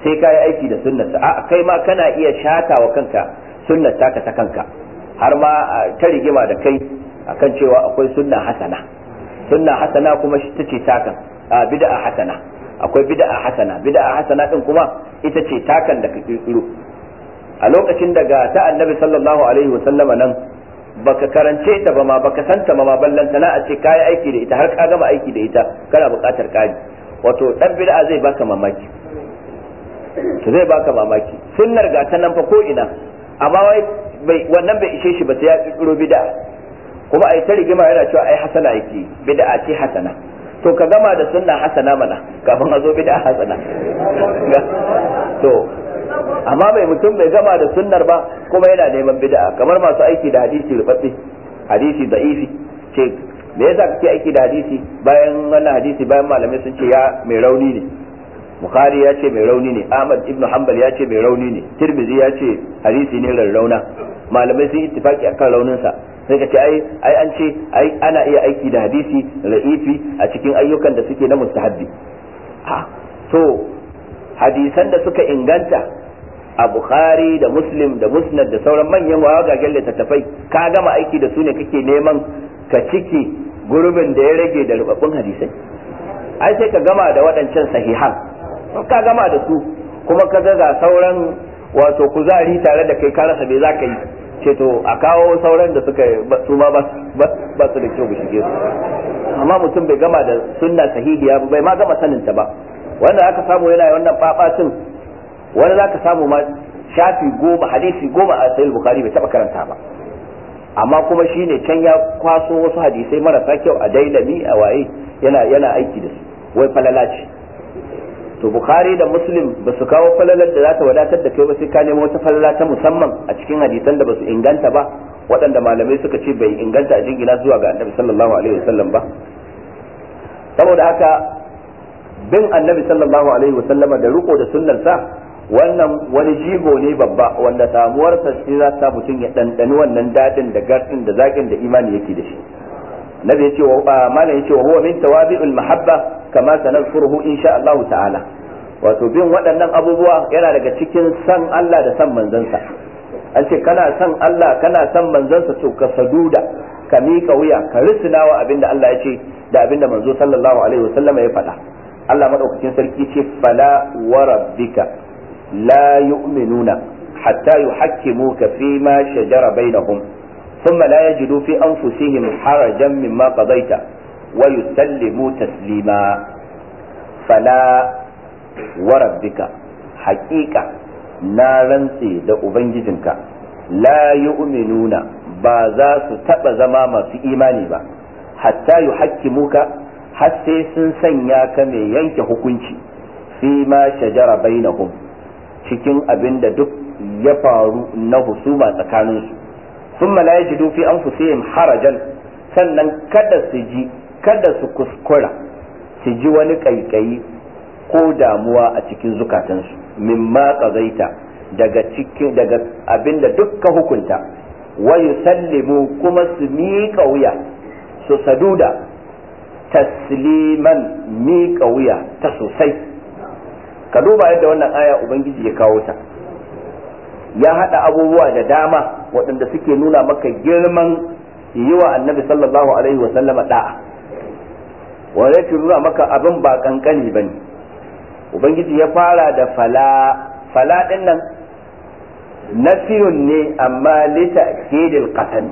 Speaker 1: sai ka yi aiki da sunnarsa a kai ma kana iya shata wa kanka sunnar ka ta kanka har ma ta rigima da kai akan cewa akwai sunna hasana sunna hasana kuma ita ce takan a bid'a hasana akwai bid'a hasana bid'a hasana din kuma ita ce takan da ka tsiro a lokacin daga ta annabi sallallahu alaihi wa sallama nan baka karance ta ba ma baka santa ba ma ballan na a ce kai aiki da ita har ka gama aiki da ita kana buƙatar kaji wato dan bid'a zai baka mamaki zai baka mamaki sunnar ga ta nan fa ko ina amma wai wannan bai ishe shi ba sai ya kirkiro bid'a kuma ai ta rigima yana cewa ai hasana yake bid'a ce hasana to ka gama da sunna hasana mana kafin a zo bid'a hasana to amma bai mutum bai gama da sunnar ba kuma yana neman bid'a kamar masu aiki da hadisi rubatsi hadisi da'ifi ce me yasa kake aiki da hadisi bayan wannan hadisi bayan malamai sun ce ya mai rauni ne bukhari ya ce mai rauni ne ahmad ibn hanbal ya ce mai rauni ne tirmidhi ya ce hadisi ne rarrauna malamai sun ittifaki akan sa sai ka ce ai ai an ce ai ana iya aiki da hadisi ra'ifi a cikin ayyukan da suke na mustahabbi ha to hadisan da suka inganta a bukhari da muslim da musnad da sauran manyan wagagen littattafai ka gama aiki da su ne kake neman ka ciki gurbin da ya rage da rubabun hadisai ai sai ka gama da waɗancan sahihan in ka gama da su kuma ka ga sauran wato kuzari tare da kai ka rasa me za ka yi ce to a kawo sauran da suka su ma ba su da kyau ba shige su amma mutum bai gama da sunna sahihiya bai ma gama ta ba wanda aka samu yana wannan babatin wanda ka samu ma shafi goma hadisi goma a sayil bukari bai taba karanta ba amma kuma shine can ya kwaso wasu hadisai marasa kyau a dailami a waye yana aiki da su wai falalaci to bukhari da muslim ba su kawo falalar da za ta wadatar da kai ba sai ka nemo wata falala ta musamman a cikin hadisan da ba su inganta ba waɗanda malamai suka ce bai inganta a jingina zuwa ga annabi sallallahu alaihi wasallam ba saboda haka bin annabi sallallahu alaihi wasallama da riko da sunnarsa wannan wani jigo ne babba wanda samuwarsa shi za ta mutum ya ɗanɗani wannan daɗin da gardin da zakin da imani yake da shi nabi yace wa malam yace wa huwa min tawabi'ul mahabba kama sanadkuruhu insha Allah ta'ala wato bin waɗannan abubuwa yana daga cikin san Allah da san manzansa an ce kana san Allah kana san manzansa to ka saduda ka miƙa wuya ka risinawa abinda Allah ya ce da abinda manzo sallallahu alaihi wasallam ya faɗa Allah madaukakin sarki ce fala wa rabbika la yu'minuna hatta kafi fi ma shajara bainahum thumma la yajidu fi anfusihim harajan mimma qadaita wa yusallimu taslima fala wa rabbika na rantse da ubangijinka la yu'minuna ba za su taba zama masu imani ba hatta yuhakkimuka har sai sun sanya ka mai yanke hukunci fi ma shajara bainahum cikin abin da duk ya faru na husuma tsakaninsu ثم لا يجدوا fi anfusihim harajan sannan kada su ji kada su kuskura su ji wani kaikayi ko damuwa a cikin zukatansu mimma qadaita daga cikin daga abinda dukka hukunta wa yusallimu kuma su miƙa wuya su saduda tasliman miƙa wuya ta sosai ka duba yadda wannan aya ubangiji ya kawo ta ya haɗa abubuwa da dama waɗanda suke nuna maka girman yi wa annabi sallallahu alaihi wa sallama da'a wanda yake nuna maka abin ba kankani ba ne ubangiji ya fara da fala fala ɗin nan nafiyun ne amma lita kedil ƙasan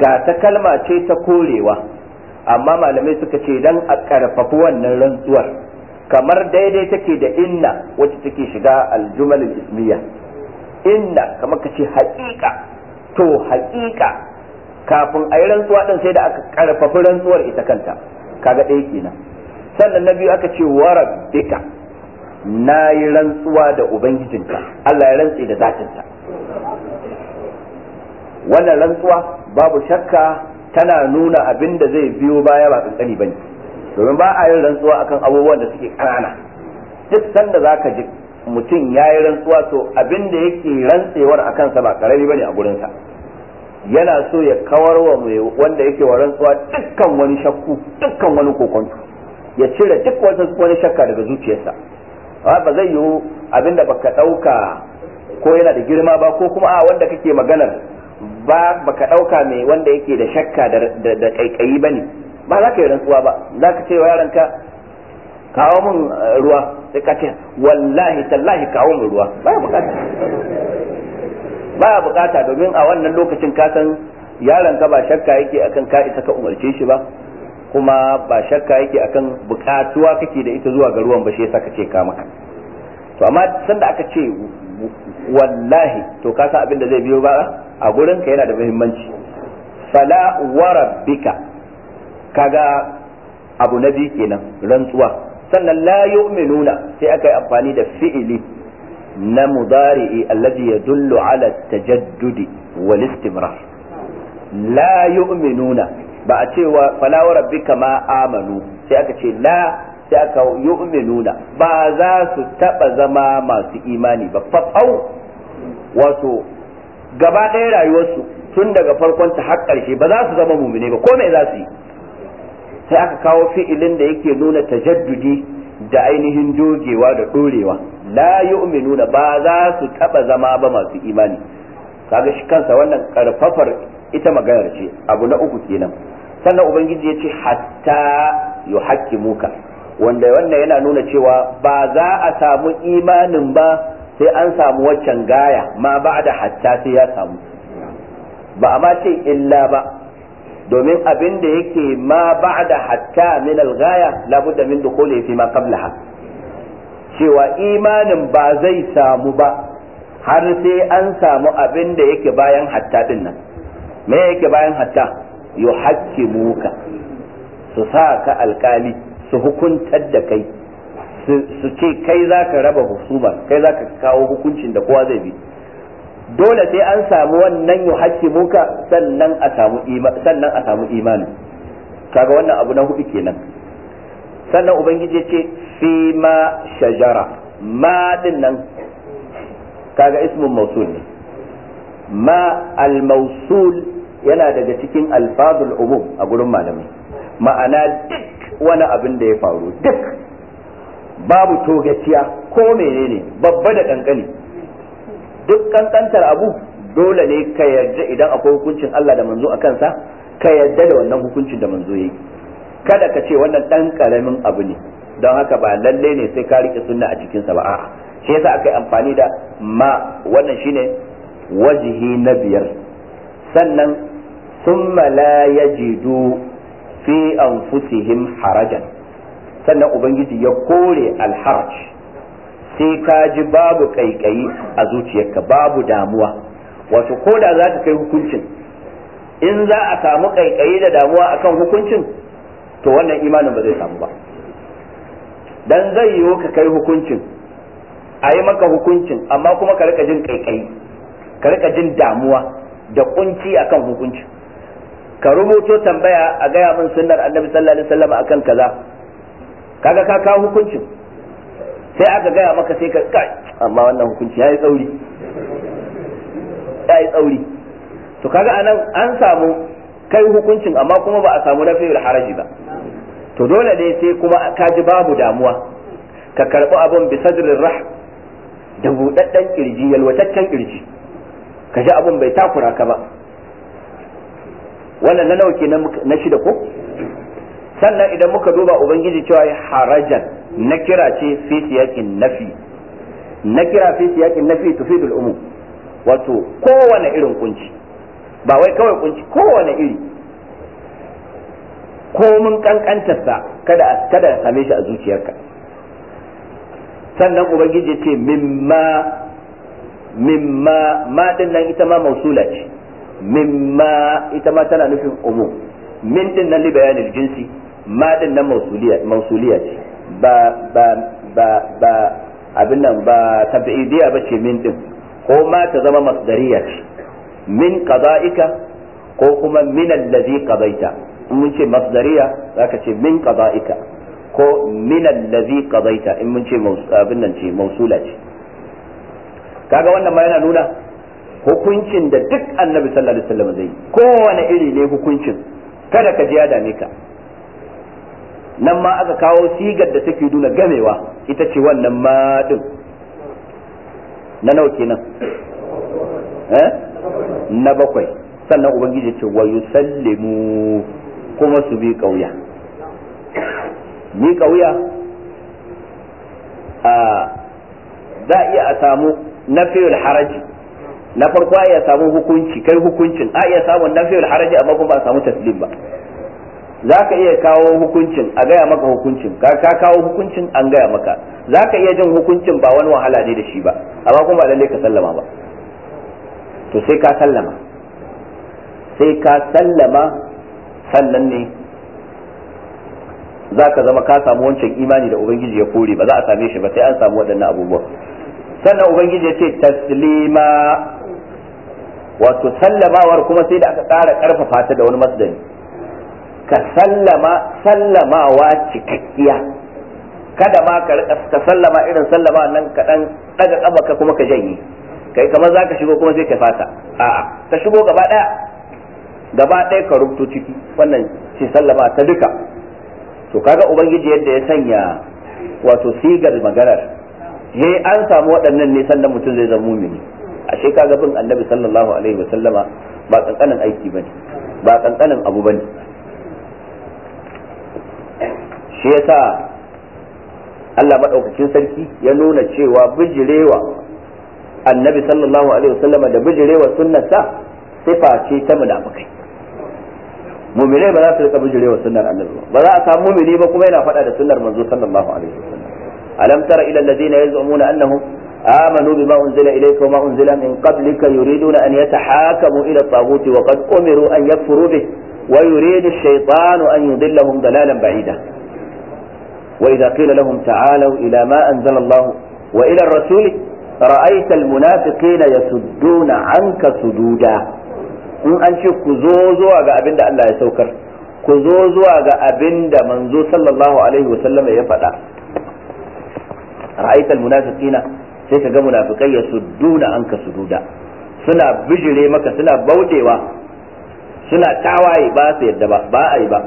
Speaker 1: ga ta kalma ce ta korewa amma malamai suka ce dan a ƙarfafi wannan rantsuwar kamar daidai take da inna wacce take shiga aljumalin ismiya inna kamar ka ce haƙiƙa to haƙiƙa kafin a yi rantsuwa ɗin sai da aka ƙarfafi rantsuwar ita kanta kaga ɗaya kenan sannan na biyu aka ce wa rabbika na yi rantsuwa da ubangijinka Allah ya rantse da zatinta wannan rantsuwa babu shakka tana nuna abin da zai biyo baya ba kankani bane domin ba a yin rantsuwa akan abubuwan da suke ƙanana duk sanda zaka ji mutum ya yi rantsuwa to abin da yake rantsewar a kansa ba karami bane a gurinsa yana so ya kawar wa mai wanda yake wa rantsuwa dukkan wani shakku dukkan wani kokonto ya cire duk wata wani shakka daga zuciyarsa ba zai yiwu abin da baka ɗauka ko yana da girma ba ko kuma a wanda kake maganar ba baka ɗauka mai wanda yake da shakka da kaikayi ne ba za ka yi rantsuwa ba za ka ce wa yaranka kawo mun eh, ruwa sai ka ce wallahi tallahi kawo mun ruwa baya bukata baya bukata domin a wannan lokacin ka san yaron ka ba shakka yake akan ka isa ka umarce shi ba kuma ba shakka yake akan bukatuwa kake da ita zuwa ga ruwan ba shi yasa ka ce ka maka to amma sanda aka ce wallahi to ka san abin da zai biyo ba a gurin ka yana da muhimmanci fala warabbika ga kaga abu na biyu kenan rantsuwa sannan la yu'minuna sai aka yi amfani da fi'ili na mudari'i allazi yadullu ala tajaddudi wal istimrar la yu'minuna ba a cewa fala wa rabbika ma amanu sai aka ce la sai aka yu'minuna ba za su taba zama masu imani ba au wato gaba ɗaya rayuwarsu tun daga farkon ta har ƙarshe ba za su zama mumine ba ko me za su yi sai aka kawo fi'ilin da yake nuna tajaddudi da ainihin dogewa da dorewa la nuna ba za su taba zama ba masu imani kaga shi kansa wannan karfafar ita maganar ce abu na uku kenan sannan ubangiji ya ce hatta yuhaqqimuka wanda wannan yana nuna cewa ba za a samu imanin ba sai an samu waccan gaya ma ba da hatta sai ya samu ba a ma ce illa ba domin abin da yake ma ba'da hatta min al-ghaya labudda min dukhuli fi ma qablaha cewa imanin ba zai samu ba har sai an samu abin da yake bayan hatta din nan me yake bayan hatta yuhakkimuka su sa ka alkali su hukuntar da kai su ce kai zaka raba husuma kai zaka kawo hukuncin da kowa zai bi dole sai an samu wannan yuhaqqimuka sannan a sannan a samu imani kaga wannan abu na hudu kenan sannan ubangiji ce fi ma shajara ma din nan kaga ismun mausul ne ma al-mausul yana daga cikin alfazul umum a gurin malamai ma'ana duk wani abin da ya faru duk babu togaciya ko menene babba da kankani duk kankantar abu dole ne ka yarda idan akwai hukuncin Allah da manzo a kansa ka yarda da wannan hukuncin da manzo yake kada ka ce wannan dan karamin abu ne don haka ba lalle ne sai ka rike sunna a cikin sa ba a'a shi yasa aka yi amfani da ma wannan shine wajihi na biyar sannan summa la yajidu fi anfusihim harajan sannan ubangiji ya kore alharaj sai ka ji babu kaikayi a zuciyarka babu damuwa wato ko da za ka kai hukuncin in za a samu kaikayi da damuwa akan hukuncin to wannan imanin ba zai samu ba dan zai yiwu ka kai hukuncin a yi maka hukuncin amma kuma ka rika jin kaikayi ka rika jin damuwa da kunci akan hukuncin ka rubuto tambaya a gaya min sunnar annabi sallallahu alaihi wasallam akan kaza kaga ka kawo hukuncin sai aka gaya maka sai ka kai amma wannan hukunci yayi tsauri yayi tsauri to kaga anan an samu kai hukuncin amma kuma ba a samu na nafiyul haraji ba to dole ne sai kuma ka ji babu damuwa ka karɓi abin bi sadrin rah da budaddan kirji yalwataccen kirji ka ji abin bai takura ka ba wannan na nawa kenan na shida ko sannan idan muka duba ubangiji cewa ya harajan na kira ce fi siyakin nafi na kira fi siyakin nafi tufidul umum wato kowane irin kunci ba wai kawai kunci kowane iri komin kankantarsa kada kada same shi a zuciyarka sannan ubangiji ce mimma mimma ma din nan ita ma mausula ce mimma ita ma tana nufin umu min din nan li jinsi ma din nan mausuliya ce ba ba ba ba abin nan ba tabidiyya ba ce min din ko ma ta zama masdariya ce min qada'ika ko kuma min allazi qadaita in mun ce masdariya zaka ce min qada'ika ko min allazi qadaita in mun ce abin nan ce mausula ce kaga wannan ma yana nuna hukuncin da duk annabi sallallahu alaihi wasallam zai kowane iri ne hukuncin kada ka ji ya dame ka nan ma aka kawo sigar da take nuna gamewa ita ce wannan ma din na nawa kenan eh na bakwai sannan ubangiji ce wa yusallimu kuma su bi kauya ni kauya a za iya a samu nafiyul haraji na farko a iya samu hukunci kai hukuncin a iya samun nafiyul haraji amma kuma ba a samu taslim ba za ka iya kawo hukuncin a gaya maka hukuncin ka ka kawo hukuncin an gaya maka za ka iya jin hukuncin ba wani wahala ne da shi ba amma kuma ba lalle ka sallama ba to sai ka sallama sai ka sallama sannan ne za ka zama ka samu wancan imani da ubangiji ya kore ba za a same shi ba sai an samu waɗannan abubuwan sannan ubangiji ya ce taslima wato sallamawar kuma sai da aka ƙara ƙarfafa ta da wani masdari ka sallama sallamawa cikakkiya kada ma ka ka sallama irin sallama nan ka dan daga kabaka kuma ka janye kai kamar zaka shigo kuma sai ka fata a'a ka shigo gaba daya gaba daya ka rubuto ciki wannan ce sallama ta duka to kaga ubangiji yadda ya sanya wato sigar maganar yayi an samu waɗannan ne sannan mutum zai zama mumini ashe kaga bin annabi sallallahu alaihi wasallama ba kankanin aiki bane ba kankanin abu bane shi yasa Allah maɗaukacin sarki ya nuna cewa bijirewa annabi sallallahu alaihi wasallam da bijirewa sunnarsa sifa ce ta munafikai mu'minai ba za su rika bijirewa sunnar annabi ba za a samu mu'mini ba kuma yana faɗa da sunnar manzo sallallahu alaihi wasallam alam tara ila alladhina yaz'umuna annahum آمنوا بما أنزل إليك وما أنزل من قبلك يريدون أن يتحاكموا إلى الطاغوت وقد أمروا أن يكفروا به ويريد الشيطان أن يضلهم ضلالا بعيدا وإذا قيل لهم تعالوا إلى ما أنزل الله وإلى الرسول رأيت المنافقين يسدون عنك سدودا in an ce ku zo zuwa ga abin Allah ya saukar ku zo zuwa ga abin manzo sallallahu alaihi wasallam ya faɗa ra'aita munafikina sai ka ga munafikai ya sudduna an ka sududa suna bijire maka suna bautewa suna tawaye basu yadda ba a yi ba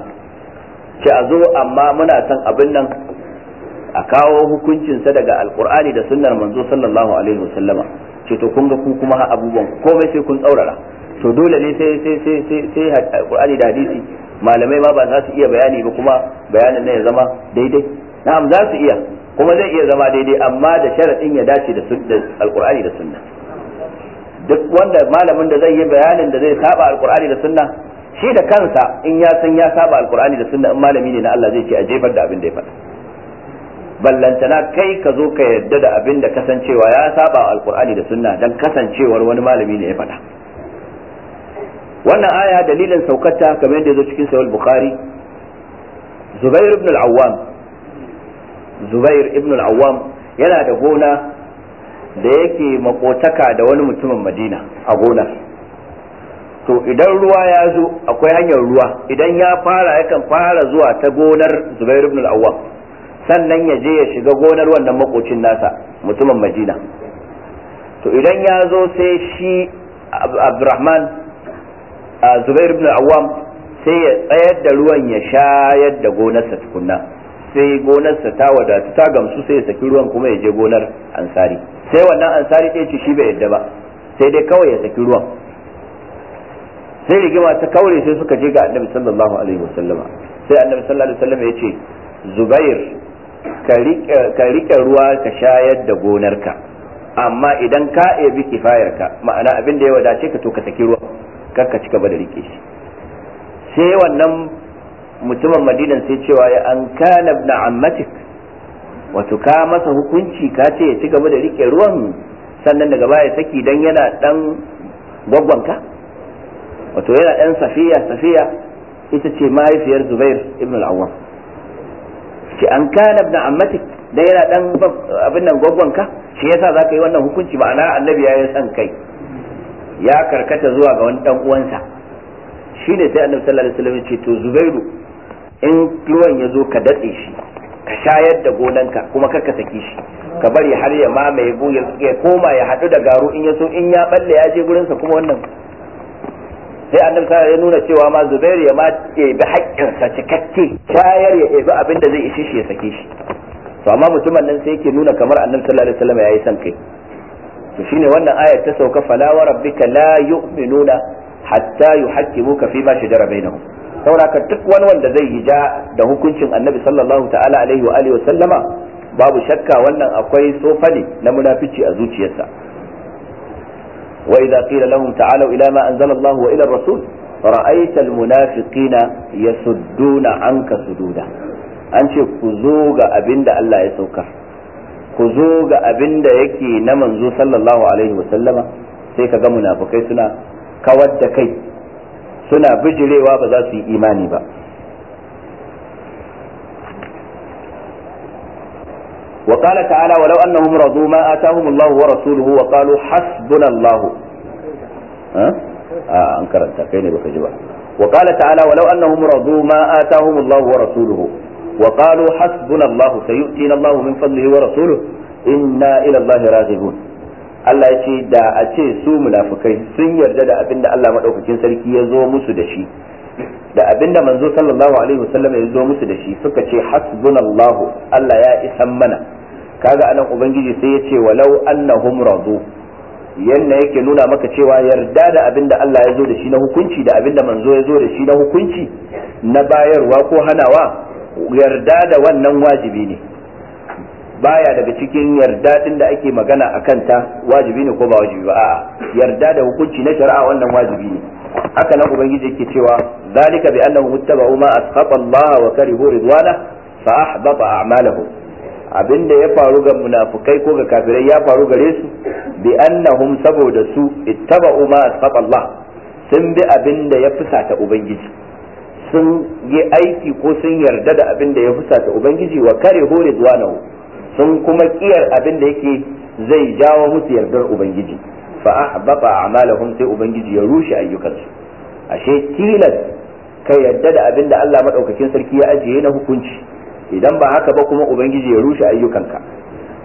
Speaker 1: ce a zo amma muna son abin nan a kawo hukuncinsa daga alkur'ani da sunnar manzo sallallahu alaihi wasallama ce to kun ga ku kuma ha abubuwan komai sai kun tsaurara to dole ne sai sai sai sai sai alkur'ani da hadisi malamai ma ba za su iya bayani ba kuma bayanin nan ya zama daidai na'am za su iya kuma zai iya zama daidai amma da sharadin ya dace da alkur'ani da sunna duk wanda malamin da zai yi bayanin da zai saba alkur'ani da sunna shi da kansa in ya san ya saba alkur'ani da sunna in malami ne na Allah zai ce a jefar da abin da ya faɗa ballantana kai ka zo ka yarda da abin da kasancewa ya saba alkur'ani da sunna dan kasancewar wani malami ne ya faɗa wannan aya dalilin saukata kamar yadda ya zo cikin sahih bukhari zubair ibn al-awwam zubair ibn al-awwam yana da gona da yake makotaka da wani mutumin madina a gonar to idan ruwa ya zo akwai hanyar ruwa idan ya fara yakan fara zuwa ta gonar Zubair ibn al-Awwam sannan ya je ya shiga gonar wannan makocin nasa mutumin Madina to idan ya zo sai shi Abdurrahman Zubair ibn al-Awwam sai ya tsayar da ruwan ya shayar da gonarsa tukunna sai gonarsa ta wadatu ta gamsu sai ya saki ruwan kuma ya je gonar ansari sai wannan ansari ɗaya ce shi bai yadda ba sai dai kawai ya saki ruwan sai rigima ta kaure sai suka je ga annabi sallallahu alaihi wasallama sai annabi sallallahu alaihi wasallama ya ce zubair ka rike ruwa ka shayar da gonarka amma idan ka ebi kifayarka ma'ana abin da ya wadace ka to ka saki ruwa kar ka cika da rike shi sai wannan mutumin madinan sai cewa ya an kana ibn ammatik wato ka masa hukunci ka ce ya ci gaba da rike ruwan sannan daga baya saki dan yana dan ka. wato yana ɗan safiya safiya ita ce mahaifiyar zubair ibn al-awwam ce an kana ibn ammatik da yana dan abin nan ka shi yasa zaka yi wannan hukunci ma'ana annabi ya yi san kai ya karkata zuwa ga wani dan uwansa shi ne sai annabi sallallahu alaihi wasallam ce to zubairu in ruwan ya zo ka datse shi ka shayar da gonanka kuma kar ka saki shi ka bari har ya mamaye ya koma ya haɗu da garu in ya so in ya balle ya je gurinsa kuma wannan sai annabi sai ya nuna cewa ma Zubairu ya ma bi haƙƙin sa cikakke shayar ya ebi abin da zai ishi shi ya sake shi to amma mutumin nan sai yake nuna kamar annabi sallallahu alaihi wasallam yayi san kai to shine wannan ayar ta sauka fala wa rabbika la yu'minuna hatta yuhaqqimuka fi ma shajara bainahum saboda duk wani wanda zai yi ja da hukuncin annabi sallallahu ta'ala alaihi wa alihi wa babu shakka wannan akwai tsofa ne na munafici a zuciyarsa وإذا قيل لهم تعالوا إلى ما أنزل الله وإلى الرسول رأيت المنافقين يسدون عنك سدودا an ce ku zo ga abin Allah ya sauka ku zo ga abin yake na manzo sallallahu alaihi wasallama sai ka ga munafukai suna kawar da kai suna bijirewa ba za su yi imani ba وقال تعالى ولو أنهم رضوا ما آتاهم الله ورسوله وقالوا حسبنا الله ها؟ آه أنكر وقال تعالى ولو أنهم رضوا ما آتاهم الله ورسوله وقالوا Allah ya ce da a ce su munafukai sun yarda da abin da Allah maɗaukakin sarki ya zo musu da shi da abin manzo sallallahu alaihi wasallam ya zo musu da shi suka ce hasbunallahu Allah ya isa mana kaga anan ubangiji sai ya ce walau annahum radu yanda yake nuna maka cewa yarda da abin da Allah ya zo da shi na hukunci da abin da manzo ya zo da shi na hukunci na bayarwa ko hanawa yarda da wannan wajibi ne baya daga cikin yarda din da ake magana a kanta wajibi ne ko ba wajibi ba a'a yarda da hukunci na shari'a wannan wajibi ne haka nan ubangiji yake cewa zalika bi annahum ittaba'u ma asqata Allah wa karihu ridwana fa ahbata a'malahum abin da ya faru ga munafukai ko ga kafirai ya faru gare su bi annahum saboda su ittaba'u ma Allah sun bi abin da ya fusata ubangiji sun yi aiki ko sun yarda da abin da ya fusata ubangiji wa kare hore duwanahu sun kuma kiyar abin da yake zai jawo musu yardar ubangiji fa ahbata a'malahum sai ubangiji ya rushe ayyukansu ashe tilas ka yarda da abinda Allah madaukakin sarki ya ajiye na hukunci idan ba haka ba kuma ubangiji ya rushe ayyukanka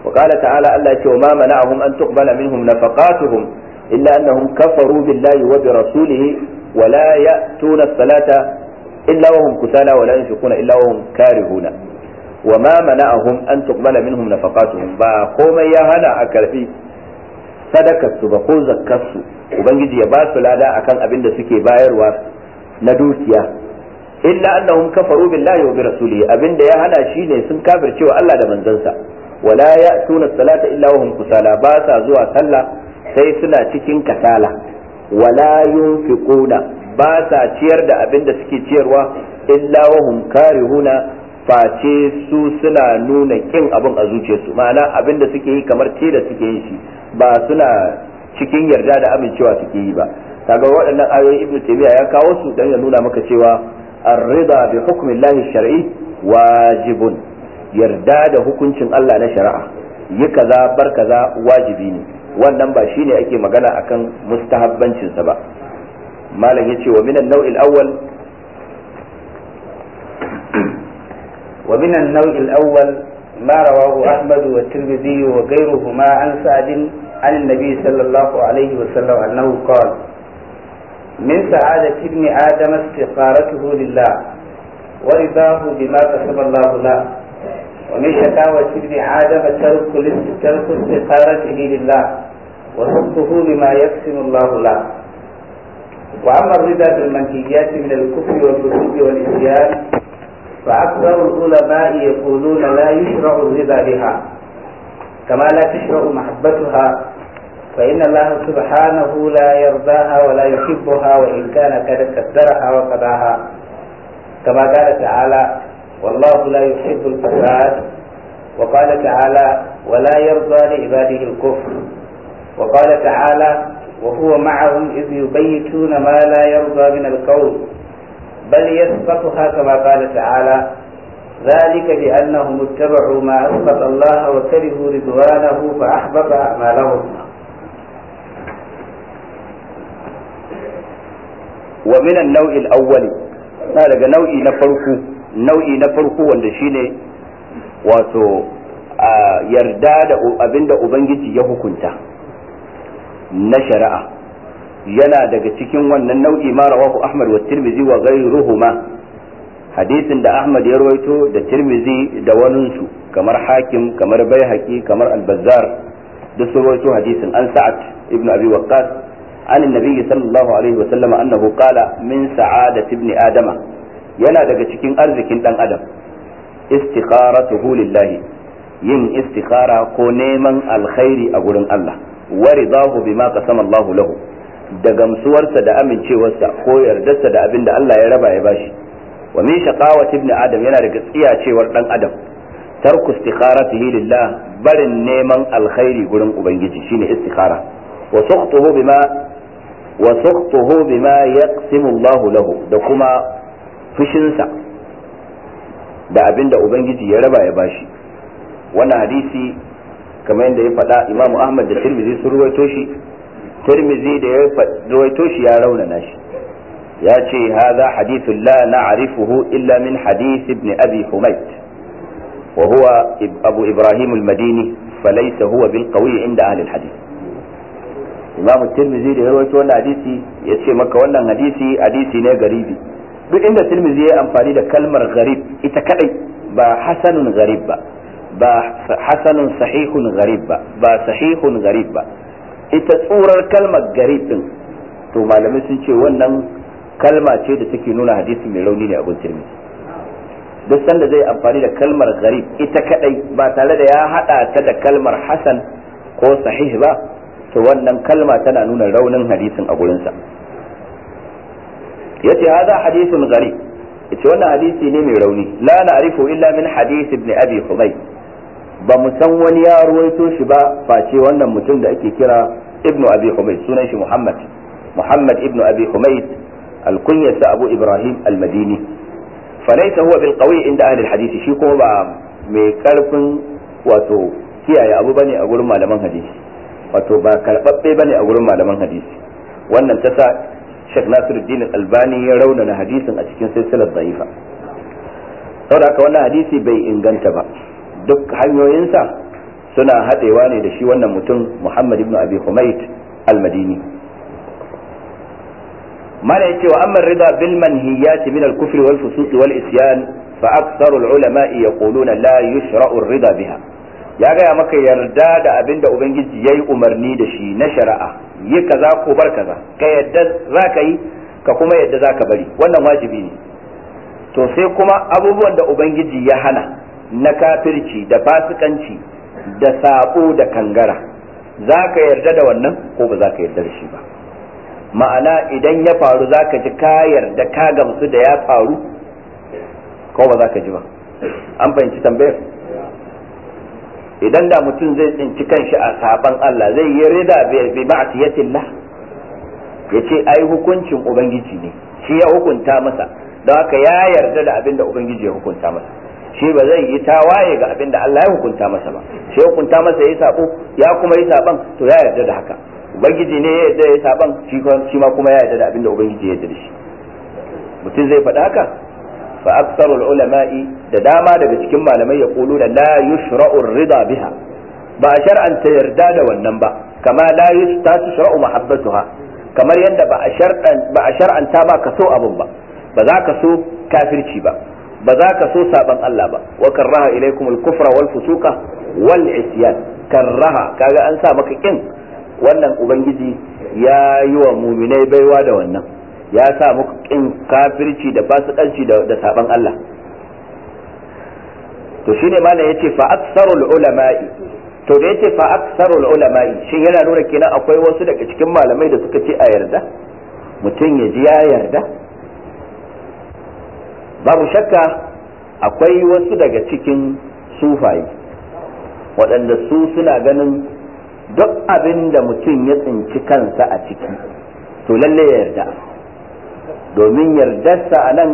Speaker 1: wa qala ta'ala Allah ce wa ma mana'ahum an tuqbala minhum nafaqatuhum illa annahum kafaru billahi wa bi rasulihi wa la ya'tuna salata illa wa hum kusala wa la yunfiquna illa wa hum karihuna wa ma mana'ahum an tuqbala minhum nafaqatuhum ba komai ya hana a karbi sadakarsu ba ko zakkarsu ubangiji ya basu lada akan abin da suke bayarwa na dukiya illa annahum kafaru billahi wa bi rasulih abinda ya hana shi ne sun kafircewa Allah da manzansa wala ya'tuna salata illa wa hum kusala ba sa zuwa sallah sai suna cikin kasala wala yunfiquna ba sa ciyar da abinda suke ciyarwa illa wa hum karihuna face su suna nuna kin abin a zuciyarsu ma'ana abinda suke yi kamar ce da suke yin shi ba suna cikin yarda da amincewa suke yi ba kaga waɗannan ayoyin ibnu taymiya ya kawo su dan ya nuna maka cewa الرضا بحكم الله الشرعي واجب يرداد حكمين الله لا شرع يكذا بركذا واجبين wannan ba shine ake magana akan mustahabbancinsa ba malam ce wa minan nau'il awwal wa minan nau'il awwal ma rawahu ahmadu wa tirmidhi wa ghayruhuma an sa'd an النبي صلى الله عليه وسلم أنه قال من سعادة ابن آدم استقارته لله ورضاه بما كتب الله له ومن شكاوة ابن آدم ترك استخارته استقارته لله وصدقه بما يقسم الله له وأما الرضا بالمنهيات من الكفر والفسوق والعصيان فأكثر العلماء يقولون لا يشرع الرضا بها كما لا تشرع محبتها فإن الله سبحانه لا يرضاها ولا يحبها وإن كان قد قدرها وقضاها كما قال تعالى والله لا يحب الفساد وقال تعالى ولا يرضى لعباده الكفر وقال تعالى وهو معهم إذ يبيتون ما لا يرضى من القول بل يسبقها كما قال تعالى ذلك بأنهم اتبعوا ما أسقط الله وكرهوا رضوانه فأحبط أعمالهم wa minan nau'il awwali na daga nau'i na farko nau'i na farko wanda shine wato yarda da abinda ubangiji ya hukunta na shari'a yana daga cikin wannan nau'i ma rawahu Ahmad wa Tirmidhi wa ghayruhuma hadisin da Ahmad ya rawaito da Tirmidhi da waninsu kamar Hakim kamar Baihaqi kamar Al-Bazzar duk sun hadisin an Sa'ad ibnu Abi Waqqas عن النبي صلى الله عليه وسلم أنه قال من سعادة ابن yana daga cikin arzikin dan adam istikharatuhu lillahi yin istikhara ko neman alkhairi a gurin Allah wa ridahu bima qasama Allahu lahu da gamsuwarsa da amincewarsa ko yardarsa da abinda Allah ya raba ya bashi wa min shaqawati ibn adam yana daga tsiyacewar dan adam tarku istikharatihi lillah barin neman alkhairi gurin ubangiji shine istikhara wa suqtuhu bima wa sukhtuhu bima yaqsimu Allah lahu da kuma fushinsa da abinda ubangiji ya raba ya bashi wannan hadisi kamar yadda ya faɗa Imam Ahmad da Tirmidhi sun ruwaito shi Tirmidhi da ya ruwaito shi ya raunana shi ya ce hadha hadithu la na'rifuhu illa min hadith ibn Abi Humayt وهو أبو إبراهيم huwa bil qawi inda ahli al-hadith imam tirmizi da ya rawaito wannan hadisi ya ce maka wannan hadisi hadisi ne garibi duk inda tirmizi ya amfani da kalmar garib ita kadai ba hasanun garib ba ba hasanun sahihun garib ba ba sahihun garib ba ita tsurar kalmar garib din to malamai sun ce wannan kalma ce da take nuna hadisi mai rauni ne a gun tirmizi duk sanda zai amfani da kalmar garib ita kadai ba tare da ya hada ta da kalmar hasan ko sahih ba to wannan kalma tana nuna raunin hadisin a gurinsa yace hadha hadisin gharib yace wannan hadisi ne mai rauni la arifu illa min hadith ibn abi humayr ba mu san wani ya ruwaito shi ba face wannan mutum da ake kira ibn abi humayr sunan shi muhammad muhammad ibn abi humayr alkunyarsa abu ibrahim almadini falaisa huwa bil qawi inda ahli hadisi shi kuma ba mai karfin wato kiyaye abu bane a gurin malaman hadisi wato ba karɓaɓɓe ba ne a gurin malaman hadisi wannan ta sa shek nasiruddin albani ya raunana hadisin a cikin silsilar da'ifa saboda haka wannan hadisi bai inganta ba duk hanyoyinsa suna haɗewa ne da shi wannan mutum muhammad ibn abi humayt almadini. mana yace wa amma rida bil manhiyat min al wal fusuq wal isyan fa aktharu al-ulama yaquluna la yushra'u ar-rida biha ya gaya maka yarda da abin da ubangiji ya yi umarni da shi na shari'a yi kaza ko bar kaza ka yadda za ka yi ka kuma yadda za ka bari wannan wajibi ne to sai kuma abubuwan da ubangiji ya hana na kafirci da fasikanci da sabo da kangara za ka yarda da wannan ko ba za ka yarda da shi ba ma'ana idan ya faru za ka ji ka yarda ka gamsu da ya faru ko ba za ka ji ba an fahimci tambayar idan da mutum zai tsinci kanshi a sabon Allah zai yi rida ya ce a yi hukuncin ubangiji ne shi ya hukunta masa da haka ya yarda da abin da ubangiji ya hukunta masa shi ba zai yi waye ga abin da Allah ya hukunta masa ba shi ya hukunta masa ya yi sabo ya kuma yi saban to ya yarda da haka ubangiji ne ya yi ya shi ma kuma ya yarda da abin da ubangiji ya yarda da shi mutum zai faɗa haka fa aktharul ulama'i da dama daga cikin malamai ya kulu da la yushra'u rida biha ba a shar'anta yarda da wannan ba kama la yushra'u mahabbatuha kamar yadda ba a shar'an ba shar'anta ba ka so abun ba ba za ka so kafirci ba ba za ka so saban Allah ba raha wa kuma ilaykumul kufra wal fusuqa wal isyan ka ga an sa maka ƙin wannan ubangiji ya yi wa muminai baiwa da wannan ya sa muku kin kafirci da fasikanci da saban Allah to shine malam yace fa aktsarul ulama'i to da yace fa aktsarul ulama'i shin yana nuna kenan akwai wasu daga cikin malamai da suka ce a yarda mutum ya ji ya yarda babu shakka akwai wasu daga cikin sufaye waɗanda su suna ganin duk abin da mutum ya tsinci kansa a ciki to lalle ya yarda domin yardarsa a nan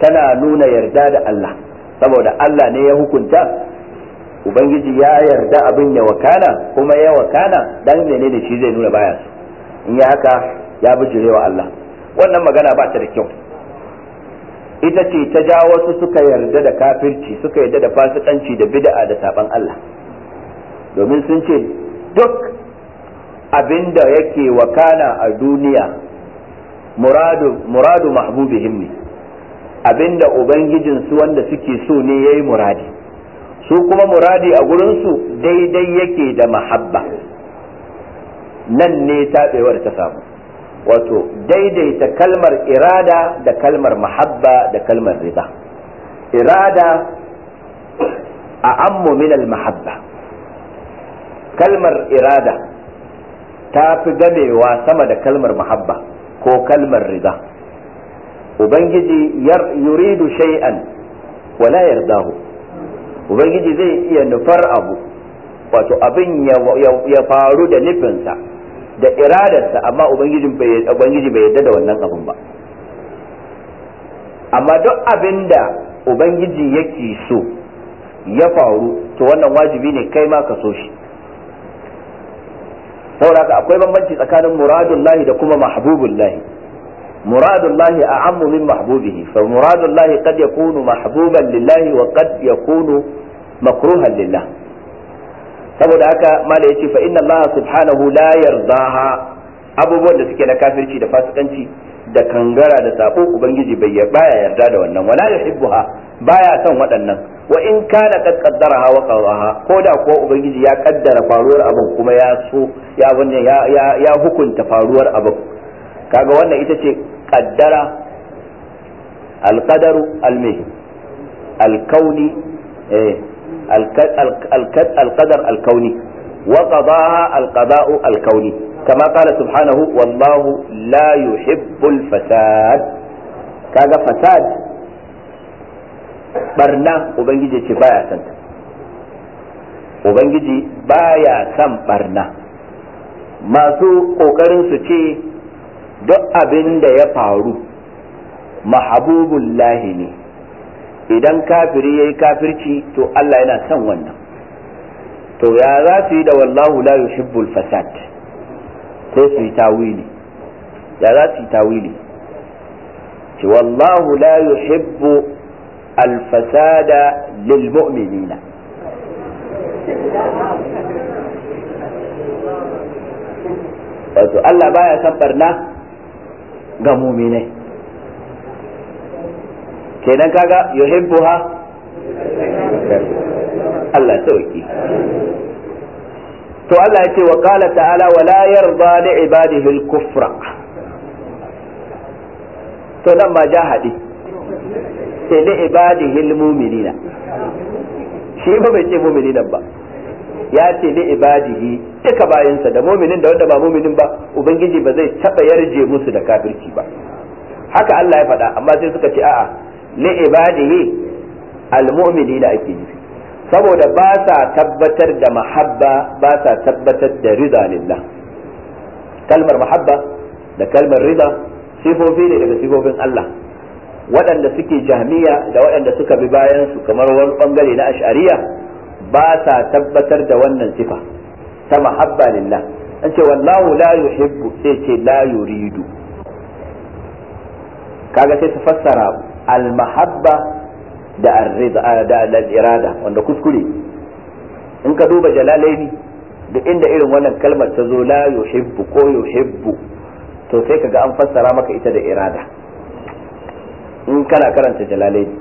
Speaker 1: tana nuna yarda da Allah saboda Allah ne ya hukunta ubangiji ya yarda abin ya wakana kuma ya wakana dan ne da shi zai nuna baya su in ya haka ya bijirewa Allah wannan magana ba ta da kyau ita ce ta ja wasu suka yarda da kafirci suka yarda da fasikanci da bid'a da saban Allah domin sun ce duk abin da yake wakana a duniya muradu muradu mahbubihim ne abinda ubangijin su wanda suke so ne yayi muradi su kuma muradi a gurin daidai yake da mahabba nan ne tabewar ta samu wato daidaita kalmar irada da kalmar mahabba da kalmar rida irada a ammu min mahabba kalmar irada ta fi gamewa sama da kalmar mahabba ko kalmar riga ubangiji yuridu shay'an la yardahu ubangiji zai iya nufar abu wato abin ya faru da nufinsa da iradarsa amma ubangiji bai yarda da wannan abin ba amma duk abin da ubangiji yake so ya faru to wannan wajibi ne kai ma ka so shi saboda haka akwai bambanci tsakanin muradullahi da kuma mahbubullahi a ammu min mahbubihi fa muradullahi qad yakunu mahbuban lillahi wa qad yakunu makruhan lillah saboda haka mala ce fa inna allaha subhanahu la yardaha abubuwan da suke na kafirci da fasikanci da kangara da sabo ubangiji bai ya baya yarda da wannan wala yuhibbuha baya son waɗannan wa in kana qad qaddaraha wa qadaha ko da ko ubangiji ya kaddara faruwar abin kuma ya so ya ya ya hukunta faruwar abin kaga wannan ita ce qaddara alqadaru almi alkauni eh alqadar alkauni wa qadaha alqada'u alkauni kama qala subhanahu wallahu la yuhibbul fasad kaga fasad barna ubangiji ce baya san san barna masu kokarin su ce duk abinda ya faru mahabubullahi ne idan kafiri yayi kafirci to Allah yana son wannan to ya za su yi da wallahu la yuhibbul fasad sai su yi tawili ya za su yi tawili ki wallahu la yuhibbu alfasada lil mu'minina wato Allah baya san barna ga muminai kenan kaga yuhibbuha Allah sauki to Allah ya ce wa kala ta'ala wa la yarda li ibadihi al-kufra to nan ma jahadi sai li ibadihi al-mu'minina shi ba bai ce mu'minina ba ya ce li ibadihi duka sa da muminin da wanda ba muminin ba ubangiji ba zai taba yarje musu da kafirci ba haka Allah ya faɗa amma sai suka ce a'a li ibadihi al-mu'minina ake nufi saboda ba sa tabbatar da mahabba ba sa tabbatar da rida lillah kalmar mahabba da kalmar rida sifofi ne daga sifofin Allah waɗanda suke jahmiya da waɗanda suka bi bayan su kamar wani bangare na ash'ariya ba sa tabbatar da wannan sifa ta mahabba lillah an ce wallahu la yuhibbu sai ce la yuridu kaga sai su fassara al mahabba da da irada wanda kuskure in ka duba jalalaini da inda irin wannan kalmar ta zo la yuhibbu ko yuhibbu to sai kaga an fassara maka ita da irada in kana karanta jalalaini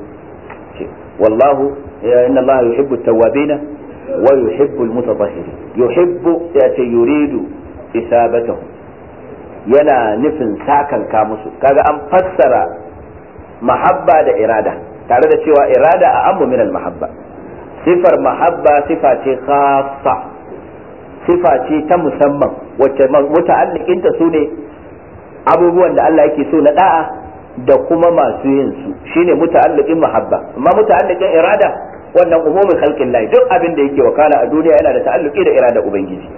Speaker 1: wallahu inna allaha yuhibbu tawwabina wa yuhibbu almutatahhirin yuhibbu ya ce yuridu isabatahu yana nufin sakan ka musu kaga an fassara mahabba da irada tare da cewa irada a ammu min al mahabba sifar mahabba sifa ce khassa sifa ce ta musamman wacce muta'alliqinta su ne abubuwan da Allah yake so na da'a da kuma masu yin su shine muta'alliqin mahabba amma muta'alliqin irada wannan umumin khalqin lahi duk abin da yake wakala a duniya yana da ta'alluqi da irada ubangiji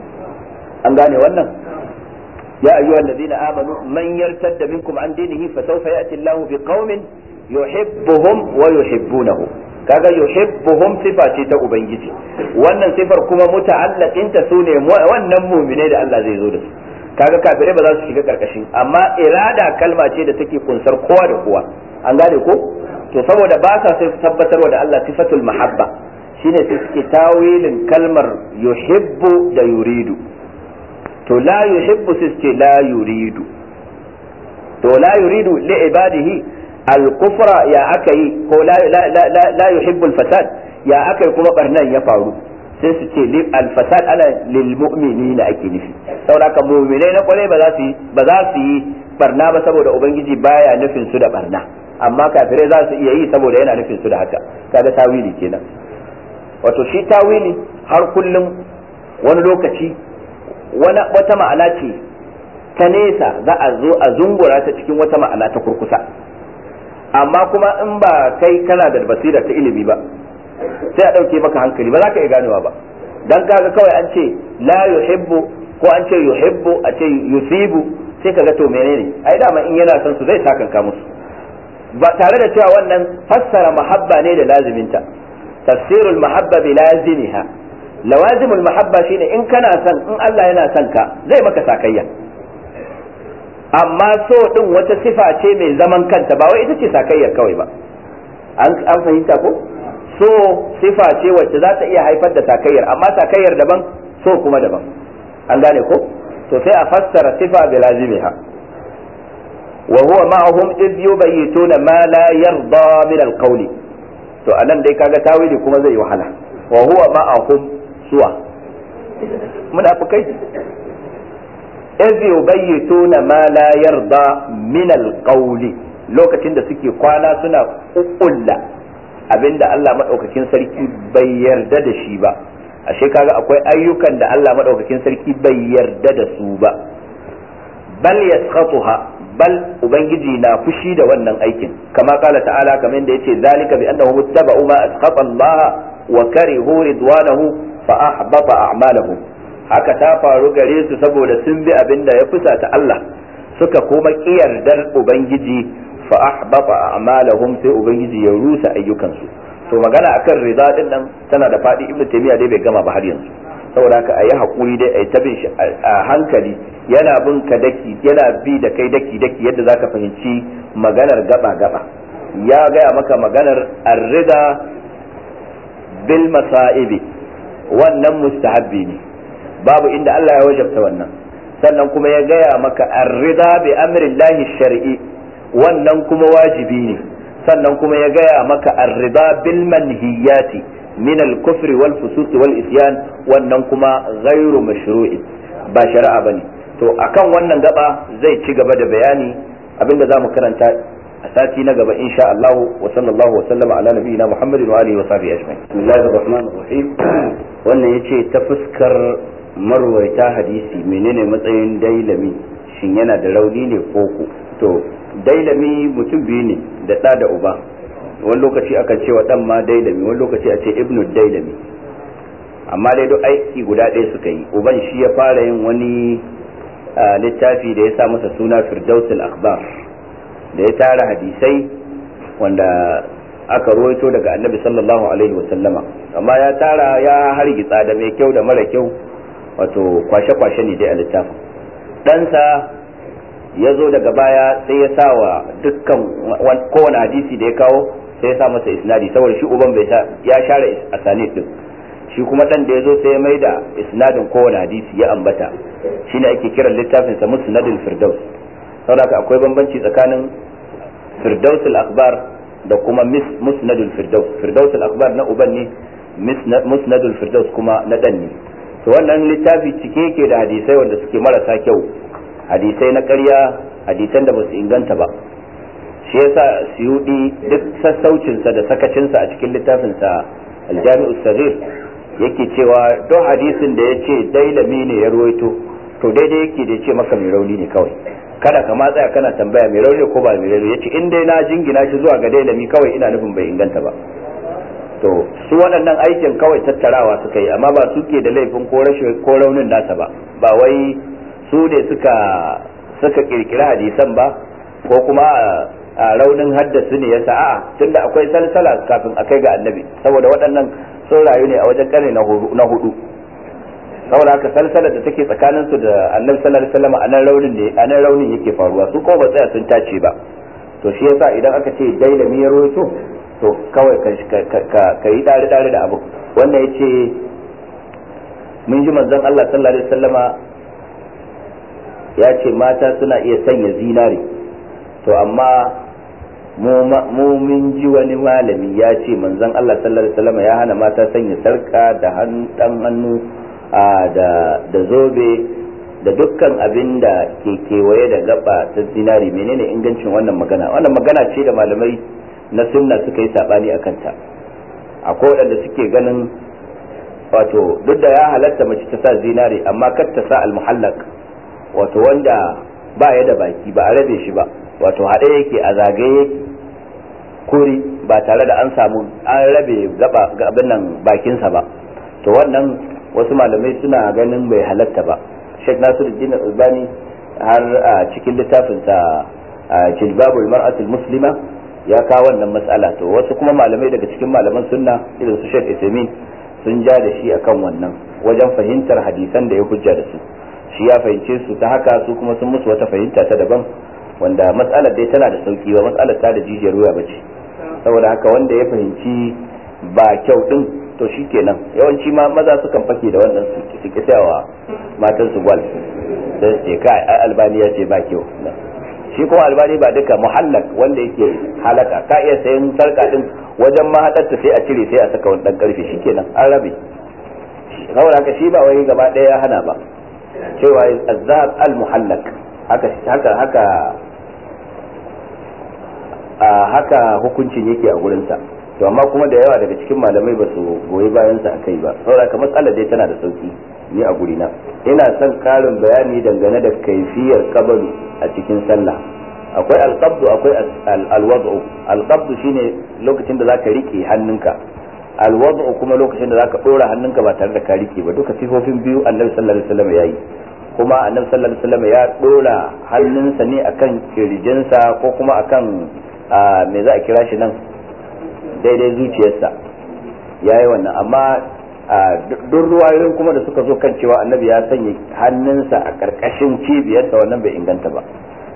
Speaker 1: an gane wannan ya ayyuhallazina amanu man yartadda minkum an dinihi sawfa ya'ti Allahu biqaumin yuhibbuhum wa yuhibbunahu kaga yuhibbuhum sifa ce ta ubangiji wannan sifar kuma muta'allaqin ta sune wannan mu'mine da Allah zai zo da su kaga kafirai ba za su shiga karkashin amma irada kalma ce da take kunsar kowa da kowa an gane ko to saboda ba sa sai tabbatarwa da Allah sifatul mahabba shine sai suke tawilin kalmar yuhibbu da yuridu to la yuhibbu sai suke la yuridu to la yuridu li ibadihi al-kufra ya aka yi ko la fasad ya aka yi kuma barnan ya faru sai su ce al-fasad ala lil mu'minina ake nufi saboda na kwarai ba za su ba za su yi barna ba saboda ubangiji baya nufin su da barna amma kafirai za su iya yi saboda yana nufin su da haka kaga tawili kenan wato shi tawili har kullum wani lokaci wani wata ma'ana ce ta nesa za a zo a zungura ta cikin wata ma'ana ta kurkusa amma kuma in ba kai kana da basira ta ilimi ba sai a ɗauke maka hankali ba za ka iya ganewa ba dan kaga kawai an ce la yuhibbu ko an ce yuhibbu a ce yusibu sai kaga to menene ai dama in yana son su zai sakanka musu ba tare da cewa wannan fassara mahabba ne da laziminta tafsirul mahabba bi lazimiha lawazimul mahabba shine in kana son in Allah yana son ka zai maka sakayya amma so ɗin wata sifa ce mai zaman kanta ba wai ita ce sakayyar kawai ba an fahimta ko so sifa ce wacce za ta iya haifar da sakayyar amma sakayyar daban so kuma daban an gane ko to sai a fassara sifa bi lazimiha wa huwa ma'ahum id yubayituna ma la yarda min alqawli to anan dai kaga tawili kuma zai yi wahala wa huwa ma'ahum suwa fukai iz yubayyituna ma la da minal alqawli lokacin da suke kwana suna kukkulla abinda Allah maɗaukakin sarki bai yarda da shi ba a kaga akwai ayyukan da Allah maɗaukakin sarki bai yarda da su ba bal ha bal ubangiji na fushi da wannan aikin kama kala ta'ala kamar da yace zalika bi annahu ittaba'u ma asqata Allah wa karihu ridwanahu fa ahbata a'malahu haka ta faru gare su saboda sun bi abin da ya fusata Allah suka kuma kiyardar ubangiji fa ahbata a'malahum sai ubangiji ya rusa ayyukansu to magana akan rida din nan tana da fadi ibnu taymiya dai bai gama ba har yanzu saboda haka ayi hakuri dai ayi tabin shi a hankali yana bin ka daki yana bi da kai daki daki yadda zaka fahimci maganar gaba gaba ya gaya maka maganar arrida bil masa'ibi wannan mustahabbi ne babu inda Allah ya wajabta wannan sannan kuma ya gaya maka arrida bi amrillahi shar'i wannan kuma wajibi ne sannan kuma ya gaya maka arrida bil manhiyati min al kufri wal fusuqi wal isyan wannan kuma ghairu mashru'i ba shari'a bane to akan wannan gaba zai ci gaba da bayani abinda zamu karanta a sati na gaba insha Allah wa sallallahu wa sallama ala nabiyina Muhammadin wa alihi wa sahbihi ajma'in bismillahir rahmanir rahim wannan yace ta fuskar marwaita hadisi menene matsayin dailami shin yana da rauni ne ko ku to dailami mutum biyu ne da ɗa da uba wani lokaci akan ce wa ɗan ma dailami wani lokaci a ce ibnu dailami amma dai duk aiki guda ɗaya suka yi uban shi ya fara yin wani littafi da ya sa masa suna firdausul akhbar da ya tara hadisai wanda aka ruwaito daga annabi sallallahu alaihi wasallama amma ya tara ya hargitsa da mai kyau da mara kyau wato kwashe-kwashe ne dai a littafin ɗansa ya zo daga baya sai ya sa wa dukkan kowane hadisi da ya kawo sai ya sa masa isnadi saboda shi uban bai ya share asani din shi kuma ɗan da ya zo sai ya mai da isnadin kowane hadisi ya ambata shi ne ake kiran littafin sa musnadul firdaus saboda akwai bambanci tsakanin firdausul akbar da kuma musnadul firdaus firdausul akbar na uban ne musnadul firdaus kuma na ɗan ne to wannan littafi cike yake da hadisai wanda suke marasa kyau hadisai na ƙarya hadisan da ba su inganta ba shi yasa siyudi duk sassaucinsa da sakacinsa a cikin littafinsa aljami'u sarir yake cewa don hadisin da ya ce dailami ne ya ruwaito to daidai yake da ce maka mai rauni ne kawai kada ka matsaya kana tambaya mai rauni ko ba mai rauni ce in dai na jingina shi zuwa ga dailami kawai ina nufin bai inganta ba to su waɗannan aikin kawai tattarawa suka yi amma ba suke da laifin ko ko raunin nasa ba ba wai su ne suka suka kirkira hadisan ba ko kuma a raunin haddasa ne ya sa'a tunda akwai salsala kafin a kai ga annabi saboda waɗannan sun rayu ne a wajen ƙarni na hudu saboda haka salsalar da take tsakanin su da annabi sallallahu alaihi wasallam a nan raunin ne a raunin yake faruwa su ko ba tsaya sun tace ba to shi yasa idan aka ce da ya wato to kawai ka yi dare dare da abu wanda ya ce mun ji manzon Allah sallallahu alaihi wasallama ya ce mata suna iya sanya zinari to amma mu mun ji wani malami ya ce manzon Allah sallallahu alaihi wasallama ya hana mata sanya sarka da dan hannu da zobe da dukkan abin da ke kewaye da gaba ta zinari menene ingancin wannan magana wannan magana ce da malamai na sunna suka yi sabani a kanta akwai waɗanda suke ganin wato duk da ya halatta mace ta sa zinare amma kar ta sa almuhallak wato wanda ba ya da baki ba a rabe shi ba wato haɗe yake a zagaye yake kuri ba tare da an samu an rabe gaba nan bakinsa ba to wannan wasu malamai suna ganin bai halatta ba shek nasiru dina albani har a cikin littafinsa jilbabul mar'atul muslima ya kawo wannan matsala to wasu kuma malamai daga cikin malaman sunna irin su Sheikh Isamin sun ja da shi akan wannan wajen fahimtar hadisan da ya hujja da su shi ya fahimce su ta haka su kuma sun musu wata fahimta ta daban wanda matsalar dai tana da sauki ba matsalar ta da jijiyar wuya bace saboda haka wanda ya fahimci ba kyau din to shi shikenan yawanci ma maza sukan fake da wannan su ki tsayawa matan su gwal sai ce kai albani ya ce ba kyau shi kuma albani ba duka muhallak wanda yake halaka ka iya sayan sarka din wajen mahadarta sai a cire sai a saka wani dan karfe shikenan an rabe saboda haka shi ba wai gaba daya ya hana ba cewa azhab al muhallak haka haka haka a haka hukuncin yake a gurinsa to amma kuma da yawa daga cikin malamai ba su goyi bayansa a kai ba saboda haka matsalar dai tana da sauki ni a gurina ina son karin bayani dangane da kaifiyar kabaru a cikin sallah akwai alqabdu akwai alwad'u alqabdu shine lokacin da zaka rike hannunka alwad'u kuma lokacin da zaka dora hannunka ba tare da ka rike ba duka sifofin biyu annabi sallallahu alaihi wasallam yayi kuma annabi sallallahu alaihi wasallam ya dora hannunsa ne akan kirjinsa ko kuma akan me za a kira shi nan daidai zuciyarsa yayi wannan amma duk ruwayoyin kuma da suka zo kan cewa annabi ya sanya hannunsa a karkashin da wannan bai inganta ba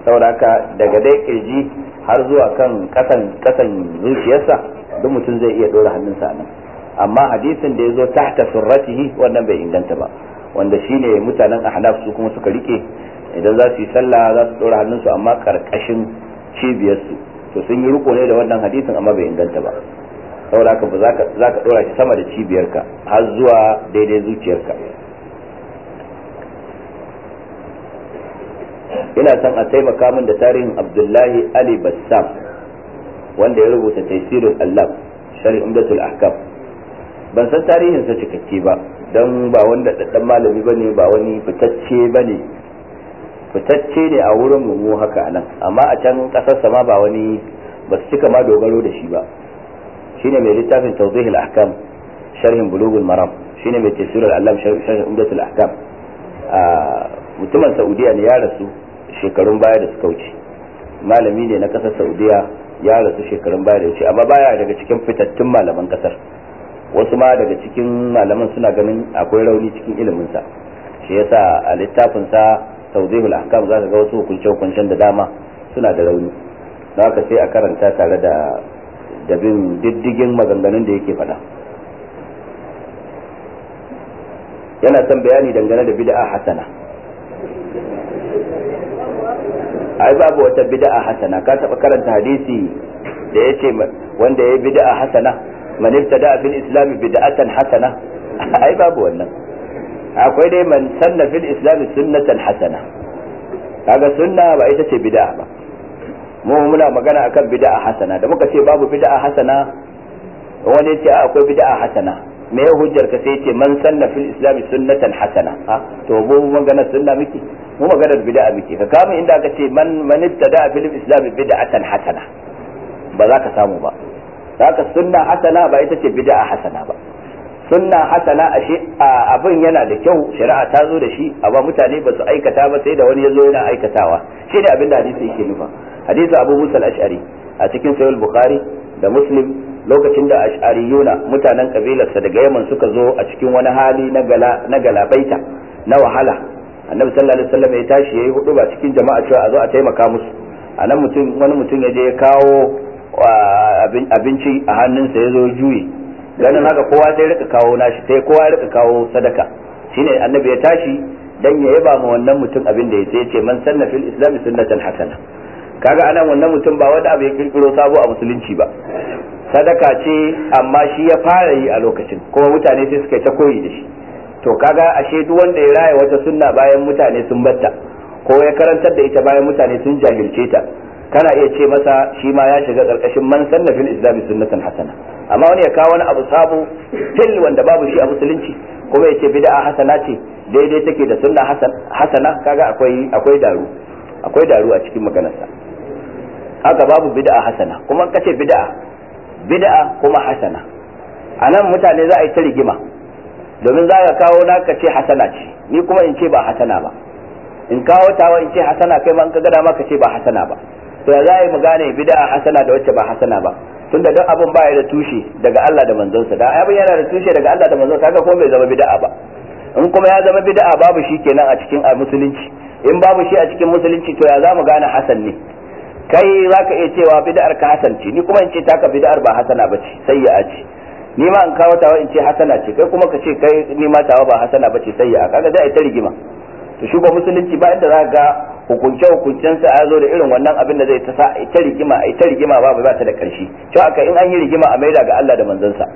Speaker 1: saboda haka daga dai kirji har zuwa kan kasan kasan zuciyarsa duk mutum zai iya dora hannunsa nan amma hadisin da ya zo tahta surratihi wannan bai inganta ba wanda shine mutanen ahnaf su kuma suka rike idan za su yi sallah za su dora hannunsu amma karkashin cibiyarsu to sun yi riko ne da wannan hadisin amma bai inganta ba saboda haka ba za ka ɗora shi sama da cibiyarka har zuwa daidai zuciyarka ina son a taimaka min da tarihin abdullahi ali bassam wanda ya rubuta tafsirin allah shari umdatul ahkam ban san tarihinsa cikakke ba don ba wanda ɗaɗɗan malami ba ne ba wani fitacce ba ne fitacce ne a wurin mu haka nan amma a can ƙasarsa ma ba wani ba su cika ma dogaro da shi ba shine mai littafin tawdih al-ahkam sharhin bulugh al-maram shine mai tafsir al-allam sharh umdat al-ahkam mutumin saudiya ne ya rasu shekarun baya da suka wuce malami ne na kasar saudiya ya rasu shekarun baya da wuce amma baya daga cikin fitattun malaman kasar wasu ma daga cikin malaman suna ganin akwai rauni cikin iliminsa shi yasa a littafin littafinsa al ahkam za ka ga wasu hukunce hukuncen da dama suna da rauni don haka sai a karanta tare da da bin diddigin maganganun da yake faɗa yana son bayani dangane da bid'a hasana ai babu wata bid'a hasana ka taɓa karanta hadisi da ya ce wanda ya yi bid'a hasana man ibtada fil islam bid'atan hasana ai babu wannan akwai dai man sanna fil islam sunnatan hasana kaga sunna ba ita ce bid'a ba mu muna magana akan bid'a hasana da muka ce babu bid'a hasana wani ce akwai bid'a hasana me ya hujjar ka sai ce man sanna fil islam sunnatan hasana ha to mu magana sunna miki mu magana bid'a miki ka kama inda aka ce man man ittada fil islam bid'atan hasana ba za ka samu ba haka sunna hasana ba ita ce bid'a hasana ba sunna hasana ashe abin yana da kyau shari'a ta zo da shi amma mutane ba su aikata ba sai da wani ya zo yana aikatawa shi ne abin da hadisi yake nufa hadisin abu musa ashari a cikin sahih bukhari da muslim lokacin da ash'ariyuna mutanen kabilarsa daga yaman suka zo a cikin wani hali na galabaita na wahala annabi sallallahu alaihi wasallam ya tashi yayi hudu ba cikin jama'a cewa a zo a taimaka musu a mutum wani mutum ya je ya kawo abinci a hannunsa ya zo juyi ganin haka kowa zai rika kawo nashi sai kowa ya rika kawo sadaka shine annabi ya tashi dan ya yaba ma wannan mutum abin da ya ce man sanna fil islam sunnatan hasana kaga anan wannan mutum ba wanda abu ya kirkiro sabo a musulunci ba sadaka ce amma shi ya fara yi a lokacin kuma mutane sai suka ta koyi da shi to kaga ashe duk wanda ya raya wata sunna bayan mutane sun batta ko ya karantar da ita bayan mutane sun jahilce ta kana iya ce masa shi ma ya shiga karkashin man sanna fil islami sunnatan hasana amma wani ya kawo wani abu sabo fil wanda babu shi a musulunci kuma ya ce bid'a hasana ce daidai take da sunna hasana kaga akwai akwai daru akwai daru a cikin maganarsa haka babu bid'a hasana kuma kace bid'a bid'a kuma hasana anan mutane za a yi ta rigima domin za ka kawo na ka ce hasana ce ni kuma in ce ba hasana ba in kawo tawa in ce hasana kai ma in ka gada ma ka ce ba hasana ba to ya za mu gane bid'a hasana da wacce ba hasana ba tunda duk abin ba ya da tushe daga Allah da manzonsa da abin yana da tushe daga Allah da manzonsa kaga ko bai zama bid'a ba in kuma ya zama bid'a babu shi kenan a cikin musulunci in babu shi a cikin musulunci to ya za mu gane hasan ne kai za ka iya cewa bid'ar ka hasan ce ni kuma in ce taka bid'ar ba hasana ba ce sai ya ce ni ma in kawo tawa in ce hasana ce kai kuma ka ce kai ni ma tawa ba hasana ba ce ya kaga zai ta rigima to shi musulunci ba inda za ga hukunce hukuncen sa ya zo da irin wannan abin da zai ta sa ita rigima ita rigima ba ba ta da karshe to haka in an yi rigima a maida ga Allah da sa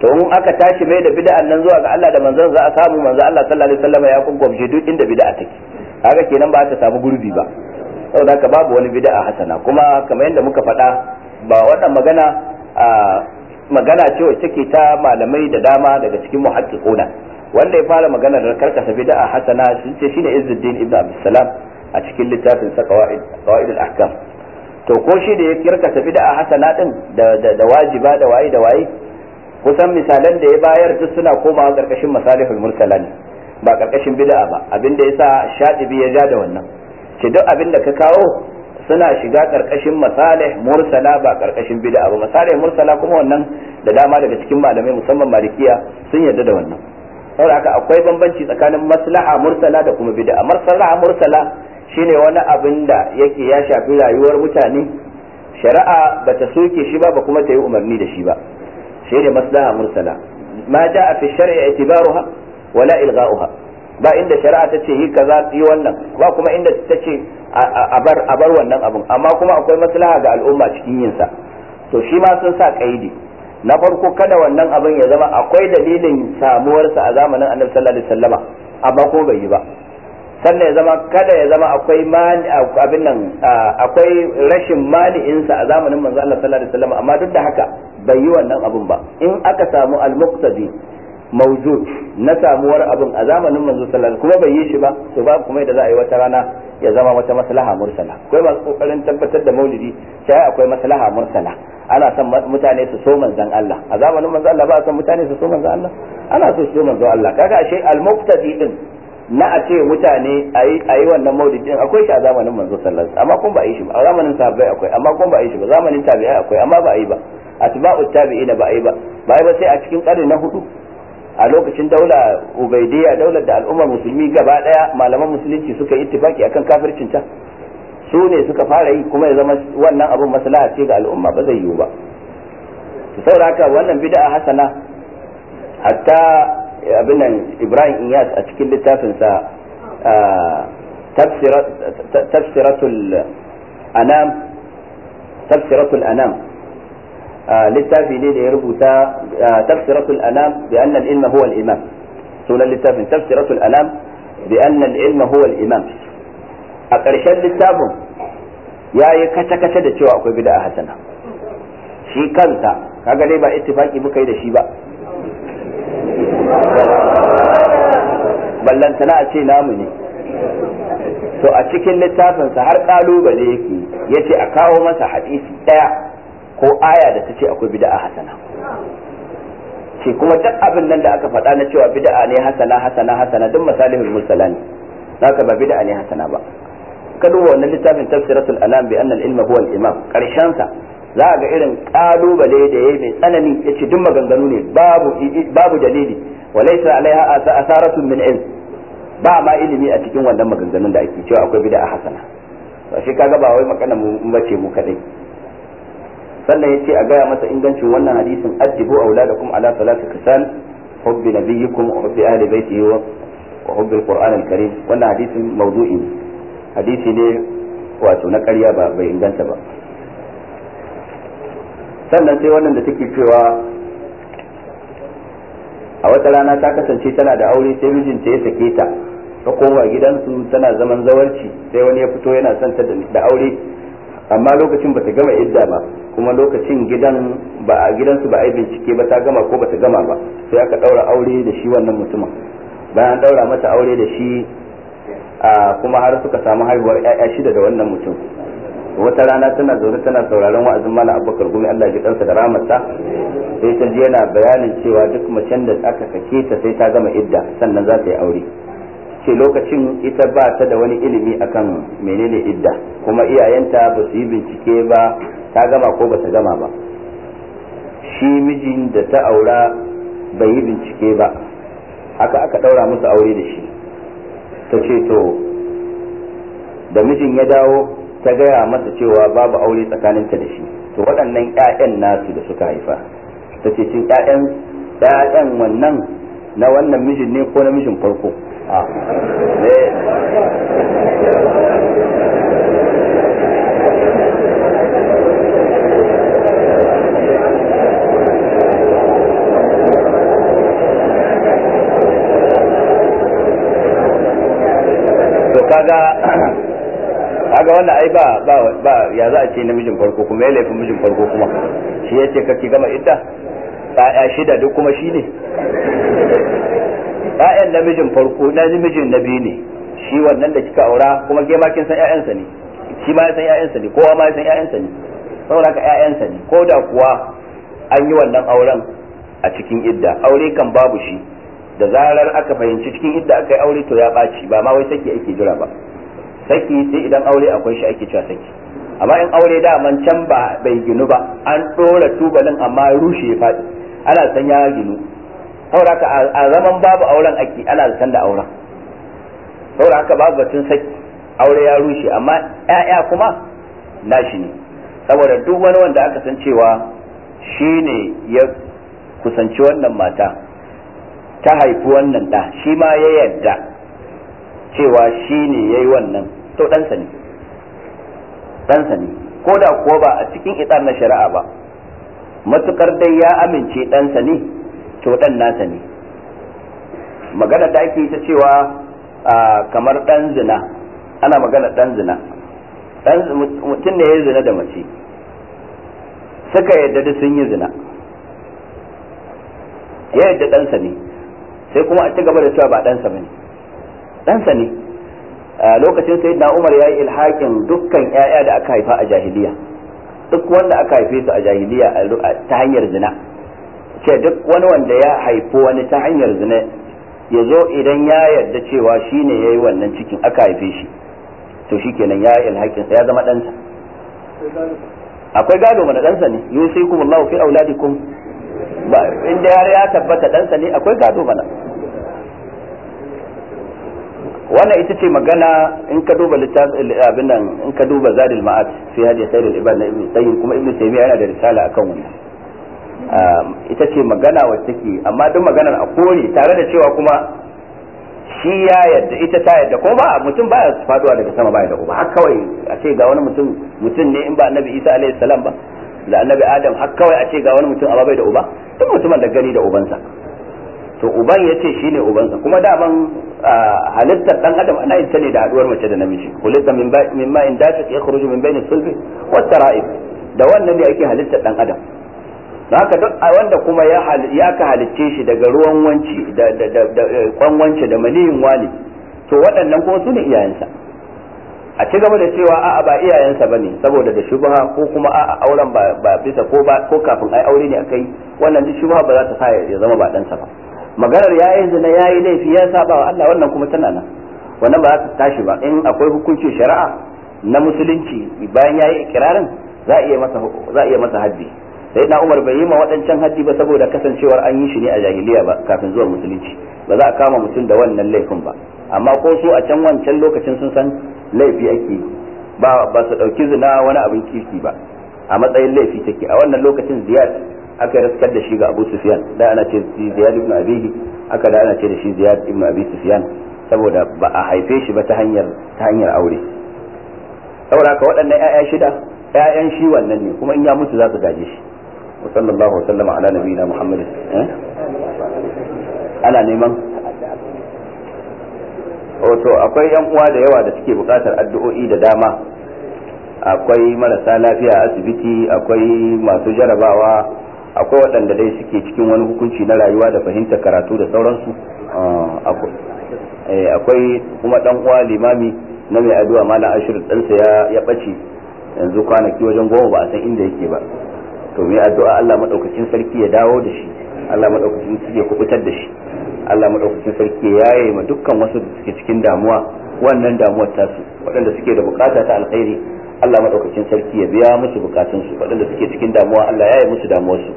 Speaker 1: to in aka tashi mai da bid'an nan zuwa ga Allah da manzon za a samu manzo Allah sallallahu alaihi wasallam ya kungwamshe duk inda bid'a take kaga kenan ba ta samu gurbi ba saboda ka babu wani bid'a hasana kuma kamar yadda muka faɗa ba wannan magana magana ce wacce take ta malamai da dama daga cikin muhaqqiquna wanda ya fara magana da karkasa bid'a hasana sun ce shine Izzuddin ibn salam a cikin littafin sa qawaid al-ahkam to ko shi da ya karkasa bid'a hasana din da wajiba da waye da kusan misalan da ya bayar duk suna komawa karkashin masalihul mursala ba karkashin bid'a ba abinda yasa shadibi ya ja da wannan ce duk abin da ka kawo suna shiga karkashin masalih mursala ba karkashin bid'a ba masalih mursala kuma wannan da dama daga cikin malamai musamman malikiya sun yarda da wannan saboda haka akwai bambanci tsakanin maslaha mursala da kuma bid'a maslaha mursala shine wani abin da yake ya shafi rayuwar mutane shari'a bata soke shi ba ba kuma ta yi umarni da shi ba shine maslaha mursala ma ja'a fi shar'i i'tibaruha wala ilgha'uha ba inda shari'a ta ce yi kaza yi wannan ba kuma inda ta ce a bar wannan abin amma kuma akwai maslaha ga al'umma cikin yinsa sa to shi ma sun sa kaidi na farko kada wannan abin ya zama akwai dalilin samuwarsa a zamanin annabi sallallahu alaihi wasallama amma ko bai yi ba sannan ya zama kada ya zama akwai mali abin nan akwai rashin sa a zamanin manzo Allah sallallahu alaihi wasallama amma duk da haka bai yi wannan abin ba in aka samu al-muqtadi mawjud na samuwar abin a zamanin manzo sallallahu kuma bai yi shi ba to ba kuma yadda za a yi wata rana ya zama wata maslaha mursala akwai masu kokarin tabbatar da maulidi sai akwai maslaha mursala ana son mutane su so manzon Allah a zamanin manzo Allah ba a son mutane su so manzon Allah ana so su so manzon Allah kaga ashe al-muqtadi din na a ce mutane a yi wannan maulidi akwai shi a zamanin manzo sallallahu alaihi amma kun ba a yi shi ba a zamanin sahabbai akwai amma kun ba a yi shi ba zamanin tabi'i akwai amma ba a yi ba atba'u tabi'ina ba a yi ba ba a yi ba sai a cikin karni na hudu a lokacin daula ubaidiyya daular da al'ummar musulmi gaba daya malaman musulunci suka yi tifaki akan kafircin ta su ne suka fara yi kuma ya zama wannan abun maslaha ce ga al'umma ba zai yiwu ba saboda sauraka wannan bid'a hasana hatta abin nan Ibrahim Iyas a cikin littafin sa tafsiratul anam tafsiratul anam littafi ne da ya rubuta tafsiratul anam bi anna al-ilma huwa al-imam sunan littafin tafsiratul anam bi anna al-ilma huwa al-imam a ƙarshen littafin ya yi kace kace da cewa akwai bid'a hasana shi kanta kaga dai ba ittifaki muka yi da shi ba ballantana a ce namu ne to a cikin littafinsa har kalubale yake ce a kawo masa hadisi ɗaya. ko aya da ta ce akwai bid'a hasana shi kuma duk abin nan da aka faɗa na cewa bid'a ne hasana hasana hasana duk masalihul mursala ne haka ba bid'a ne hasana ba ka duba wannan littafin tafsiratul alam bi anna al-ilma huwa al-imam karshen sa za ga irin kalubale da yayi mai tsanani yace duk maganganu ne babu babu dalili wa laysa alaiha asaratu min ilm ba ma ilimi a cikin wannan maganganun da ake cewa akwai bid'a hasana ba shi kaga ba wai magana mu bace mu kadai sannan yace a gaya masa ingancin wannan hadisin ajibu auladakum ala salati kasal hubbi nabiyyikum wa hubbi ahli baitihi wa hubbi alquran alkarim wannan hadisin mawdu'i hadisi ne wato na ƙarya ba bai inganta ba sannan sai wannan da take cewa a wata rana ta kasance tana da aure sai mijinta ya sake ta ta koma gidansu tana zaman zawarci sai wani ya fito yana son ta da aure amma lokacin bata gama idda ba kuma lokacin gidan ba a gidansu ba a yi bincike ba ta gama ko bata gama ba sai aka daura aure da shi wannan mutumin bayan daura mata aure da shi a kuma har suka samu haihuwar 'yaya shida da wannan mutum wata rana tana zaune tana sauraron wa'azin mala abubakar gumi Allah ji kansa da ramarsa sai ta ji yana bayanin cewa duk macen da aka sake ta sai ta gama idda sannan za ta yi aure ce lokacin ita ba ta da wani ilimi akan menene idda kuma iyayenta ba su yi bincike ba ta gama ko ba ta gama ba shi mijin da ta aura bai yi bincike ba haka aka daura musu aure da shi ta ce to da mijin ya dawo ta gaya masa cewa babu aure tsakaninta da shi to waɗannan 'ya'yan nasu da suka haifa ta ce cin 'ya'yan wannan na wannan mijin ne ko na mijin farko Ah. kaga kaga wannan ai ba ba ya za a ce namijin farko kuma ya laifin mijin farko kuma shi yace kake gama ita ya shida duk kuma shi ne ƴaƴan namijin farko na namijin na biyu ne shi wannan da kika aura kuma ke ma kin san ƴaƴansa ne shi ma ya san ƴaƴansa ne kowa ma ya san ƴaƴansa ne saboda haka ƴaƴansa ne ko da kuwa an yi wannan auren a cikin idda aure kan babu shi da zarar aka fahimci cikin idda aka yi aure to ya ɓaci ba ma wai saki ake jira ba saki sai idan aure akwai shi ake cewa saki amma in aure da man can ba bai ginu ba an ɗora tubalin amma rushe ya faɗi ana san ya ginu saboda haka a zaman babu auren ake ana zaton da auren saboda haka babu batun saki aure ya rushe amma ‘ya'ya kuma nashi ne saboda duk wani wanda aka san cewa shi ne ya kusanci wannan mata ta haifi wannan ɗa shi ma ya yadda cewa shi ne ya yi wannan to ɗansa ne ɗansa ne ko da kuwa ba a cikin itsar na shari'a ba matukar dai ya amince ɗansa ne to dan nasa ne magana da ake ta cewa kamar dan zina ana magana dan zina mutum ne ya zina da mace suka yadda da sun yi zina ya yadda ɗansa ne sai kuma a ci gaba da cewa ba ɗansa ba ne ɗansa ne lokacin sai na umar ya yi ilhakin dukkan 'ya'ya da aka haifa a jahiliya duk wanda aka haife su a jahiliya ta hanyar zina ce duk wani wanda ya haifi wani ta hanyar zina ya zo idan ya yarda cewa shi ne ya yi wannan cikin aka haife shi to shi kenan ya yi alhakinsa ya zama ɗansa akwai gado mana ɗansa ne yusi kuma Allah fi auladikum ba inda yare ya tabbata ɗansa ne akwai gado mana wannan ita ce magana in ka duba abin nan in ka duba zadil ma'at fi hadi da ibad na ibnu tayyib kuma ibnu taymiya yana da risala akan wannan ita ce magana wacce take amma duk maganar a kore tare da cewa kuma shi ya yadda ita ta yadda ko ba mutum baya faduwa daga sama baya da uba har kawai a ce ga wani mutum mutum ne in ba annabi isa alayhi salam ba da annabi adam har kawai a ce ga wani mutum amma bai da uba duk mutumin da gani da ubansa to uban ya ce shine ubansa kuma daman halittar dan adam ana yin ta ne da haduwar mace da namiji kulita min ma in ya yakhruju min bayni sulbi wa tara'ib da wannan ne ake halittar dan adam haka duk a wanda kuma ya ka halicce shi daga ruwan wanci da da eh, wanci da maniyin wani to waɗannan kuma su ne iyayensa a ci gaba da cewa a'a ba iyayensa bane saboda da shubha ko kuma a'a auren ba bisa ko ba ko kafin ai aure ne akai wannan duk shubha ba za ta sa ya zama ba ɗansa ba maganar yi zina ya yi laifi ya saba wa Allah wannan kuma tana nan wannan ba za ta tashi ba in akwai hukuncin shari'a na musulunci bayan ya yi ikirarin za a iya masa za a iya masa haddi sai na umar bai yi ma waɗancan hajji ba saboda kasancewar an yi shi ne a jahiliya ba kafin zuwa musulunci ba za a kama mutum da wannan laifin ba amma ko su a can wancan lokacin sun san laifi ake ba ba su ɗauki zina wani abin kirki ba a matsayin laifi take a wannan lokacin ziyad aka raskar da shi ga abu sufiyan da ana ce ziyad ibn abihi aka da ana ce da shi ziyad ibn abi sufiyan saboda ba a haife shi ba ta hanyar ta hanyar aure saboda ka waɗannan 'ya'ya shida 'ya'yan shi wannan ne kuma in ya mutu za su gaje shi وصلى الله وسلم على نبينا محمد ana neman wato oh, akwai yan uwa da yawa da suke buƙatar addu'o'i da dama akwai marasa lafiya asibiti akwai masu jarabawa akwai waɗanda dai suke cikin wani hukunci na rayuwa da fahimta karatu da sauransu ah, eh, akwai kuma ɗan uwa limami na mai addu'a malam ashirin ɗansa ya ɓace yanzu kwanaki wajen goma ba a san inda yake ba to mu addu'a Allah madaukakin sarki ya dawo da shi Allah madaukakin sarki ya kubutar da shi Allah madaukakin sarki ya yaye ma dukkan wasu da suke cikin damuwa wannan damuwar tasu waɗanda suke da bukata ta alkhairi Allah madaukakin sarki ya biya musu bukatun su waɗanda suke cikin damuwa Allah ya yaye musu damuwar su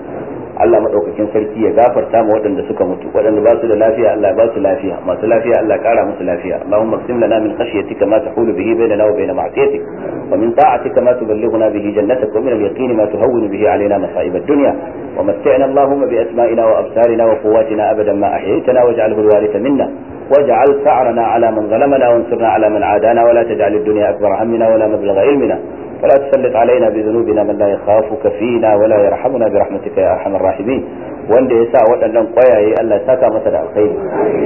Speaker 1: Allah madaukakin sarki ya gafarta ma waɗanda suka mutu waɗanda ba su da lafiya Allah ba su lafiya masu lafiya Allah kara musu lafiya Allahumma qsim lana min khashyatika ma tahulu bihi bainana wa bayna ma'siyatik wa min ta'atika ma tuballighuna bihi jannatak wa min al-yaqini ma tuhawwinu bihi alaina masa'ib ad-dunya wa mat'ina Allahumma bi asma'ina wa absarina wa quwwatina abadan ma ahyaytana waj'alhu al-waritha minna واجعل ثأرنا على من ظلمنا وانصرنا على من عادانا ولا تجعل الدنيا أكبر همنا ولا مبلغ علمنا فلا تسلط علينا بذنوبنا من لا يخافك فينا ولا يرحمنا برحمتك يا ارحم الراحمين wanda ya sa waɗannan ƙwayaye Allah saka masa da alkhairi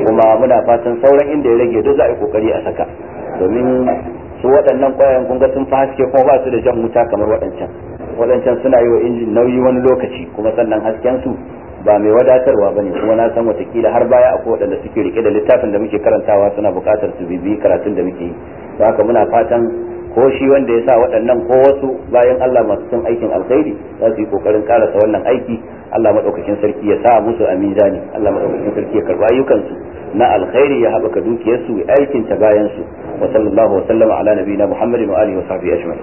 Speaker 1: kuma muna fatan sauran inda ya rage duk za a yi kokari a saka domin su waɗannan ƙwayayen kun sun fa haske kuma ba su da jan wuta kamar waɗancan waɗancan suna yi wa injin nauyi wani lokaci kuma sannan hasken su ba mai wadatarwa ba ne kuma na san watakila har baya ko waɗanda suke rike da littafin da muke karantawa suna buƙatar su bibi karatun da muke yi don haka muna fatan ko shi wanda ya sa waɗannan ko wasu bayan Allah masu sun aikin alkhairi za su yi kokarin karasa wannan aiki Allah maɗaukakin sarki ya sa musu a mizani Allah maɗaukakin sarki ya karɓa ayyukansu na alkhairi ya haɓaka dukiyarsu aikin ta bayan su wa sallallahu wa sallama nabiyina Muhammadin wa alihi wa sahbihi ajma'in